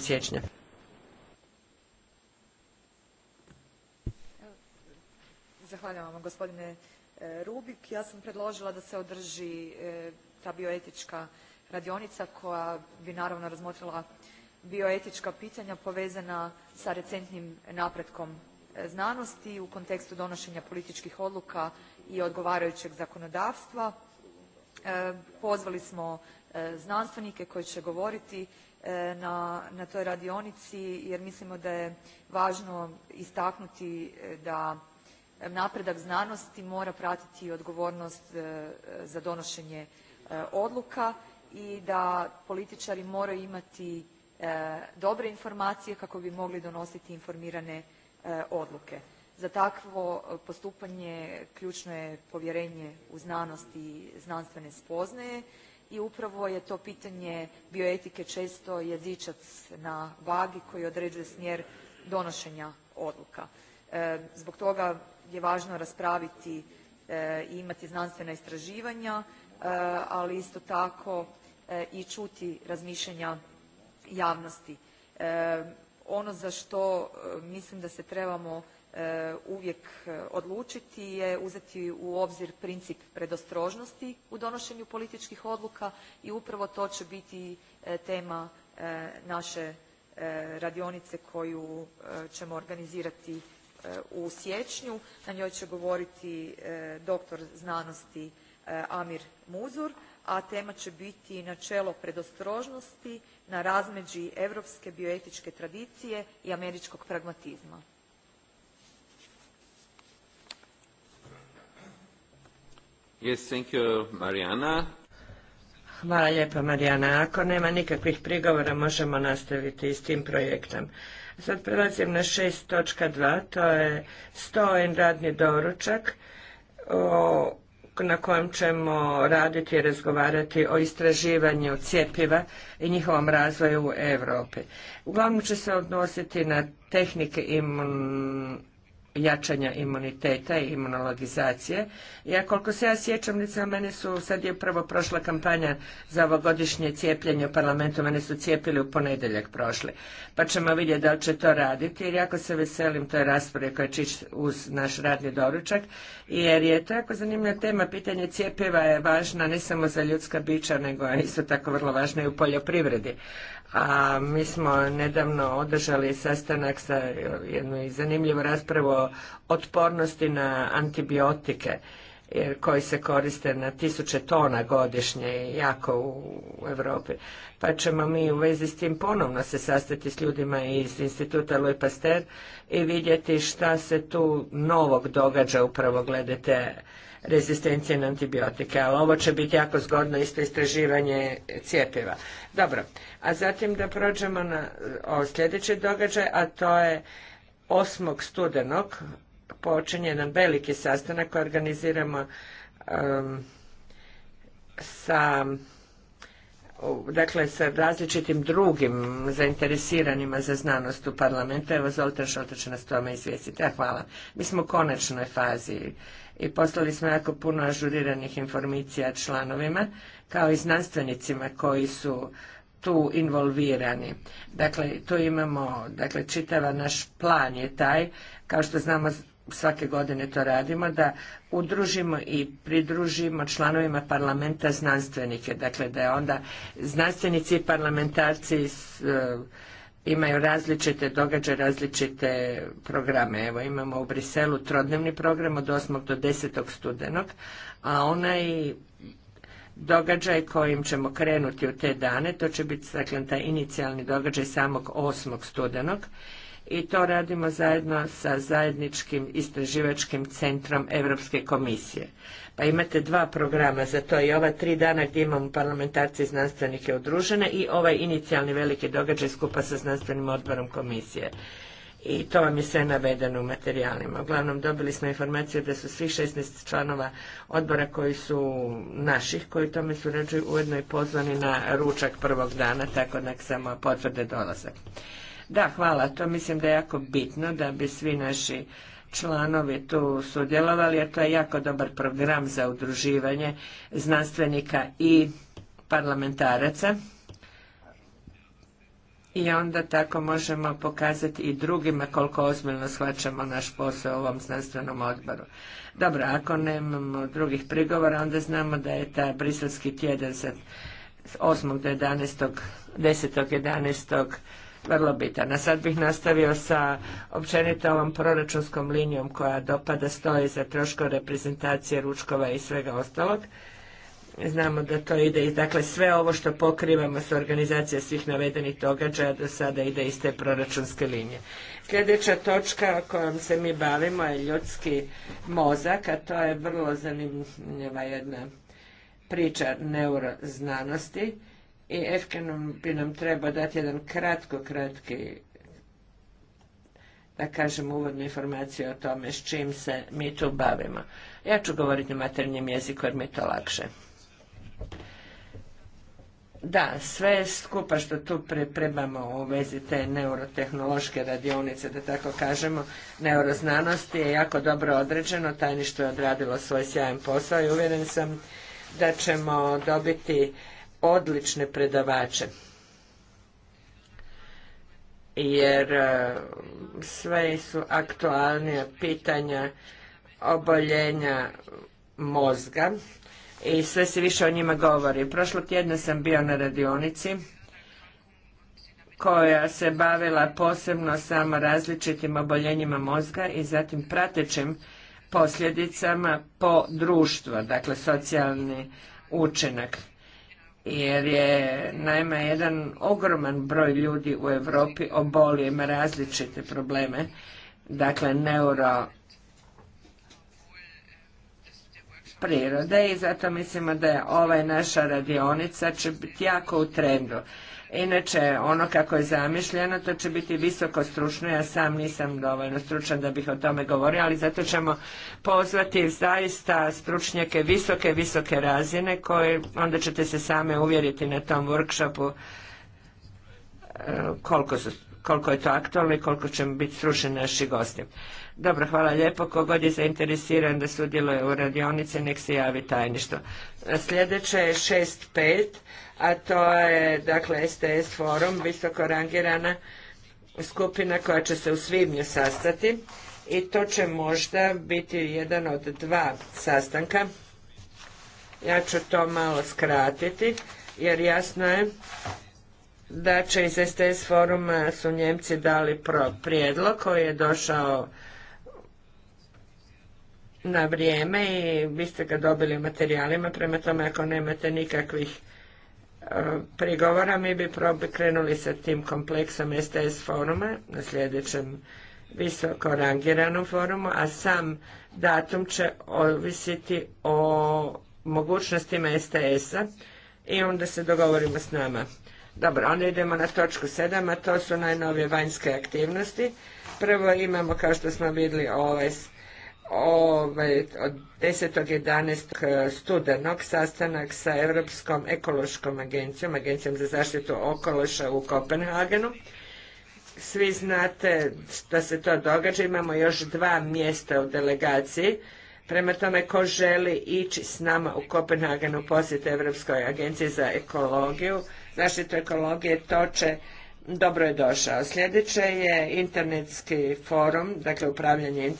Zahvaljujem vam gospodine e, Rubik. Ja sam predložila da se održi ta bioetička radionica koja bi naravno razmotrila bioetička pitanja povezana sa recentnim napretkom znanosti u kontekstu donošenja političkih odluka i odgovarajućeg zakonodavstva E, pozvali smo e, znanstvenike koji će govoriti e, na, toj radionici jer mislimo da je važno istaknuti da napredak znanosti mora pratiti i odgovornost za donošenje odluka i da političari moraju imati dobre informacije kako bi mogli donositi informirane odluke. Za takvo e, postupanje ključno je povjerenje u znanost i znanstvene spoznaje i upravo je to pitanje bioetike često jezičac na vagi koji određuje smjer donošenja odluka. E, zbog toga je važno raspraviti e, i imati znanstvena istraživanja, ali isto tako i čuti razmišljanja javnosti. Ono za što mislim da se trebamo E, uvijek e, odlučiti je uzeti u obzir princip predostrožnosti u donošenju političkih odluka i upravo to će biti e, tema naše radionice koju ćemo organizirati u siječnju. Na njoj će govoriti doktor znanosti Amir Muzur, a tema će biti načelo predostrožnosti na razmeđi europske bioetičke tradicije i američkog pragmatizma. Hvala lijepa Marijana. Ako nema nikakvih prigovora možemo nastaviti s tim projektom. Sad prelazim na 6.2, to je 101 radni doručak na kojem ćemo raditi i razgovarati o istraživanju cjepiva i njihovom razvoju u Europi. Uglavnom će se odnositi na tehnike imun, jačanja imuniteta i imunologizacije. Ja koliko se ja sjećam, recimo, mene su, sad je prvo prošla kampanja za ovogodišnje cijepljenje u parlamentu, mene su cijepili u ponedjeljak prošli. Pa ćemo vidjeti da li će to raditi, jer jako se veselim toj rasprave koja će ići uz naš radni doručak, jer je to jako zanimljiva tema. Pitanje cijepiva je važna ne samo za ljudska bića, nego je isto tako vrlo važna i u poljoprivredi a mi smo nedavno održali sastanak sa jednu zanimljivu raspravu o otpornosti na antibiotike koji se koriste na tisuće tona godišnje jako u Europi. Pa ćemo mi u vezi s tim ponovno se sastati s ljudima iz instituta Louis Pasteur i vidjeti šta se tu novog događa upravo glede te rezistencije na antibiotike, ali ovo će biti jako zgodno isto istraživanje cijepiva. Dobro, a zatim da prođemo na sljedeći događaj, a to je 8. studenog počinje jedan veliki sastanak koji organiziramo sa dakle sa različitim drugim zainteresiranima za znanost u parlamentu. Evo Zoltan Šolta će nas tome izvijestiti. hvala. Mi smo u konačnoj fazi i poslali smo jako puno ažuriranih informacija članovima kao i znanstvenicima koji su tu involvirani. Dakle, tu imamo, dakle, čitava naš plan je taj, kao što znamo svake godine to radimo, da udružimo i pridružimo članovima parlamenta znanstvenike. Dakle, da je onda znanstvenici i parlamentarci s, imaju različite događaje, različite programe. Evo imamo u Briselu trodnevni program od 8. do 10. studenog, a onaj događaj kojim ćemo krenuti u te dane, to će biti dakle, taj inicijalni događaj samog 8. studenog i to radimo zajedno sa zajedničkim istraživačkim centrom Europske komisije. Pa imate dva programa za to i ova tri dana gdje imamo parlamentarci i znanstvenike udružene i ovaj inicijalni veliki događaj skupa sa znanstvenim odborom komisije. I to vam je sve navedeno u materijalima. Uglavnom dobili smo informaciju da su svih 16 članova odbora koji su naših, koji tome surađuju, ujedno i pozvani na ručak prvog dana, tako da samo potvrde dolazak. Da, hvala. To mislim da je jako bitno da bi svi naši članovi tu sudjelovali, a to je jako dobar program za udruživanje znanstvenika i parlamentaraca. I onda tako možemo pokazati i drugima koliko ozbiljno shvaćamo naš posao u ovom znanstvenom odboru. Dobro, ako nemamo drugih prigovora, onda znamo da je ta briselski tjedan sa 8. do 11. 10. 11 vrlo bitan. A sad bih nastavio sa općenito ovom proračunskom linijom koja dopada stoji za troško reprezentacije ručkova i svega ostalog. Znamo da to ide i dakle sve ovo što pokrivamo sa organizacija svih navedenih događaja do sada ide iz te proračunske linije. Sljedeća točka kojom se mi bavimo je ljudski mozak, a to je vrlo zanimljiva jedna priča neuroznanosti i Efkanom bi nam trebao dati jedan kratko, kratki da kažem uvodnu informaciju o tome s čim se mi tu bavimo. Ja ću govoriti na maternjem jeziku jer mi je to lakše. Da, sve skupa što tu pripremamo u vezi te neurotehnološke radionice, da tako kažemo, neuroznanosti je jako dobro određeno, tajništvo je odradilo svoj sjajan posao i uvjeren sam da ćemo dobiti odlične predavače jer e, sve su aktualnija pitanja oboljenja mozga i sve se više o njima govori. Prošlog tjedna sam bio na radionici koja se bavila posebno samo različitim oboljenjima mozga i zatim pratećim posljedicama po društvo, dakle socijalni učinak jer je naime jedan ogroman broj ljudi u Europi obolio, ima različite probleme, dakle neuro prirode i zato mislimo da je ova naša radionica će biti jako u trendu. Inače, ono kako je zamišljeno, to će biti visoko stručno. Ja sam nisam dovoljno stručan da bih o tome govorio, ali zato ćemo pozvati zaista stručnjake visoke, visoke razine koje onda ćete se same uvjeriti na tom workshopu e, koliko, koliko je to aktualno i koliko će biti stručni naši gosti. Dobro, hvala lijepo. Kogod je zainteresiran da sudjeluje u radionici, nek se javi tajništvo. Sljedeće je 6.5, a to je dakle STS forum, visoko rangirana skupina koja će se u svibnju sastati i to će možda biti jedan od dva sastanka. Ja ću to malo skratiti jer jasno je da će iz STS foruma su Njemci dali prijedlog koji je došao na vrijeme i vi ste ga dobili u materijalima, prema tome ako nemate nikakvih e, prigovora mi bi krenuli sa tim kompleksom STS foruma na sljedećem visoko rangiranom forumu, a sam datum će ovisiti o mogućnostima STS-a i onda se dogovorimo s nama. Dobro, onda idemo na točku 7, a to su najnovije vanjske aktivnosti. Prvo imamo, kao što smo vidjeli, ovaj ovaj, od 10. 11. E, studenog sastanak sa Europskom ekološkom agencijom, agencijom za zaštitu okoliša u Kopenhagenu. Svi znate da se to događa, imamo još dva mjesta u delegaciji, prema tome ko želi ići s nama u Kopenhagenu posjeti Europskoj agenciji za ekologiju, zaštitu ekologije, to će dobro je došao. Sljedeće je internetski forum, dakle upravljanje,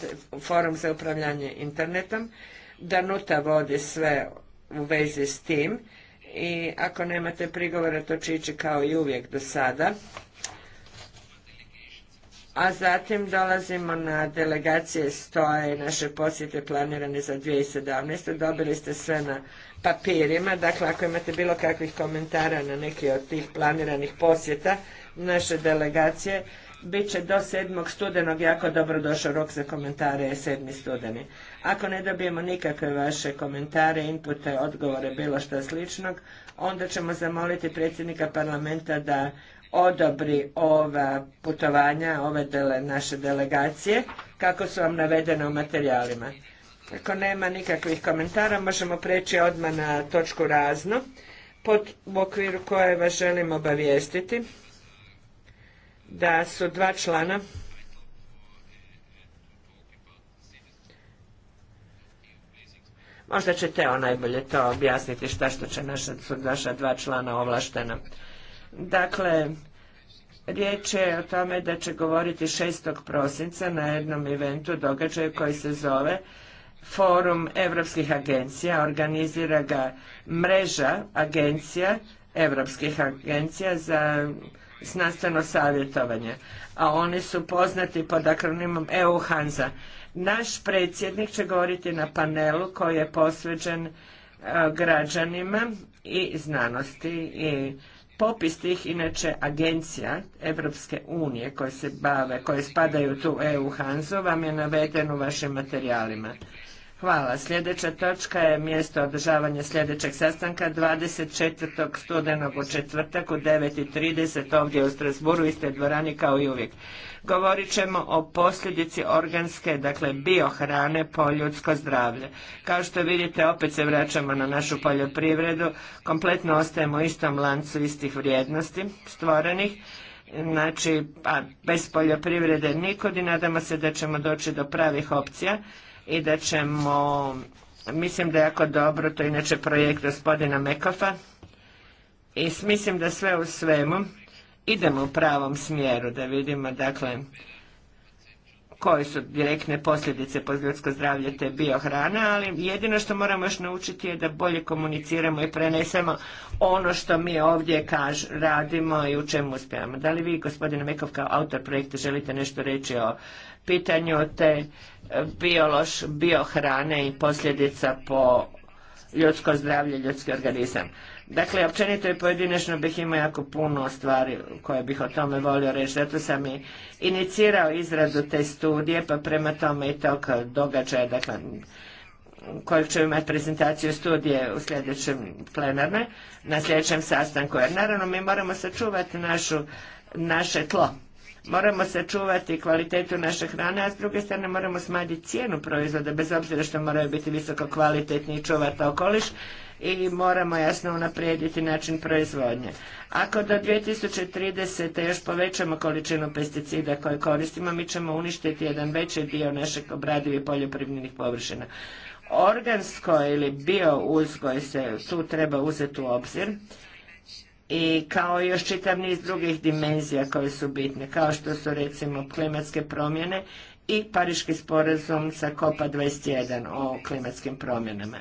forum za upravljanje internetom. Danuta vodi sve u vezi s tim i ako nemate prigovora to će ići kao i uvijek do sada. A zatim dolazimo na delegacije stoje naše posjete planirane za 2017. Dobili ste sve na papirima, dakle ako imate bilo kakvih komentara na neki od tih planiranih posjeta, naše delegacije bit će do 7. studenog jako dobro došao rok za komentare je 7. studeni. Ako ne dobijemo nikakve vaše komentare, inpute, odgovore, bilo što sličnog, onda ćemo zamoliti predsjednika parlamenta da odobri ova putovanja, ove naše delegacije, kako su vam navedene u materijalima. Ako nema nikakvih komentara, možemo preći odmah na točku razno, pod, u okviru koje vas želim obavijestiti da su dva člana Možda će Teo najbolje to objasniti šta što će naša, su naša dva člana ovlaštena. Dakle, riječ je o tome da će govoriti 6. prosinca na jednom eventu događaju koji se zove Forum evropskih agencija. Organizira ga mreža agencija, evropskih agencija za znanstveno savjetovanje, a oni su poznati pod akronimom EU Hanza. Naš predsjednik će govoriti na panelu koji je posveđen e, građanima i znanosti i popis tih inače agencija Evropske unije koje se bave, koje spadaju tu EU Hanzu vam je naveden u vašim materijalima. Hvala. Sljedeća točka je mjesto održavanja sljedećeg sastanka 24. studenog u četvrtak u 9.30 ovdje u Strasburu, iste dvorani kao i uvijek. Govorit ćemo o posljedici organske, dakle biohrane po ljudsko zdravlje. Kao što vidite, opet se vraćamo na našu poljoprivredu, kompletno ostajemo u istom lancu istih vrijednosti stvorenih znači a bez poljoprivrede nikod i nadamo se da ćemo doći do pravih opcija i da ćemo, mislim da je jako dobro, to je inače projekt gospodina Mekofa i mislim da sve u svemu idemo u pravom smjeru, da vidimo dakle koje su direktne posljedice po ljudsko zdravlje te biohrana, ali jedino što moramo još naučiti je da bolje komuniciramo i prenesemo ono što mi ovdje kaž, radimo i u čemu uspijemo. Da li vi, gospodine Mekov, kao autor projekta želite nešto reći o pitanju te e, biološ, biohrane i posljedica po ljudsko zdravlje, ljudski organizam. Dakle, općenito i pojedinačno bih imao jako puno stvari koje bih o tome volio reći. Zato sam i inicirao izradu te studije, pa prema tome i tog događaja, dakle, kojeg ću imati prezentaciju studije u sljedećem plenarne, na sljedećem sastanku. Jer naravno mi moramo sačuvati našu, naše tlo moramo sačuvati kvalitetu naše hrane, a s druge strane moramo smanjiti cijenu proizvoda, bez obzira što moraju biti visoko kvalitetni i čuvati okoliš i moramo jasno unaprijediti način proizvodnje. Ako do 2030. još povećamo količinu pesticida koje koristimo, mi ćemo uništiti jedan veći dio našeg obradivih poljoprivrednih površina. Organsko ili bio uzgoj se tu treba uzeti u obzir i kao još čitav niz drugih dimenzija koje su bitne, kao što su recimo klimatske promjene i Pariški sporazum sa COPA 21 o klimatskim promjenama.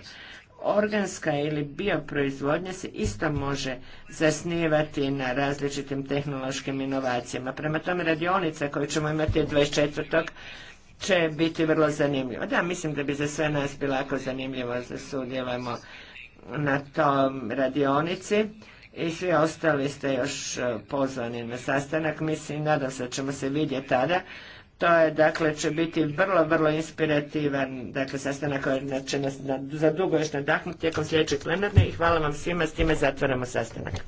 Organska ili bioproizvodnja se isto može zasnivati na različitim tehnološkim inovacijama. Prema tome radionica koju ćemo imati 24 će biti vrlo zanimljiva. Da, mislim da bi za sve nas bilo jako zanimljivo da sudjelujemo na tom radionici i svi ostali ste još e, pozvani na sastanak. Mislim, nadam se da ćemo se vidjeti tada. To je, dakle, će biti vrlo, vrlo inspirativan, dakle, sastanak koji će nas za dugo još nadahnuti tijekom sljedećeg plenarne i hvala vam svima, s time zatvaramo sastanak.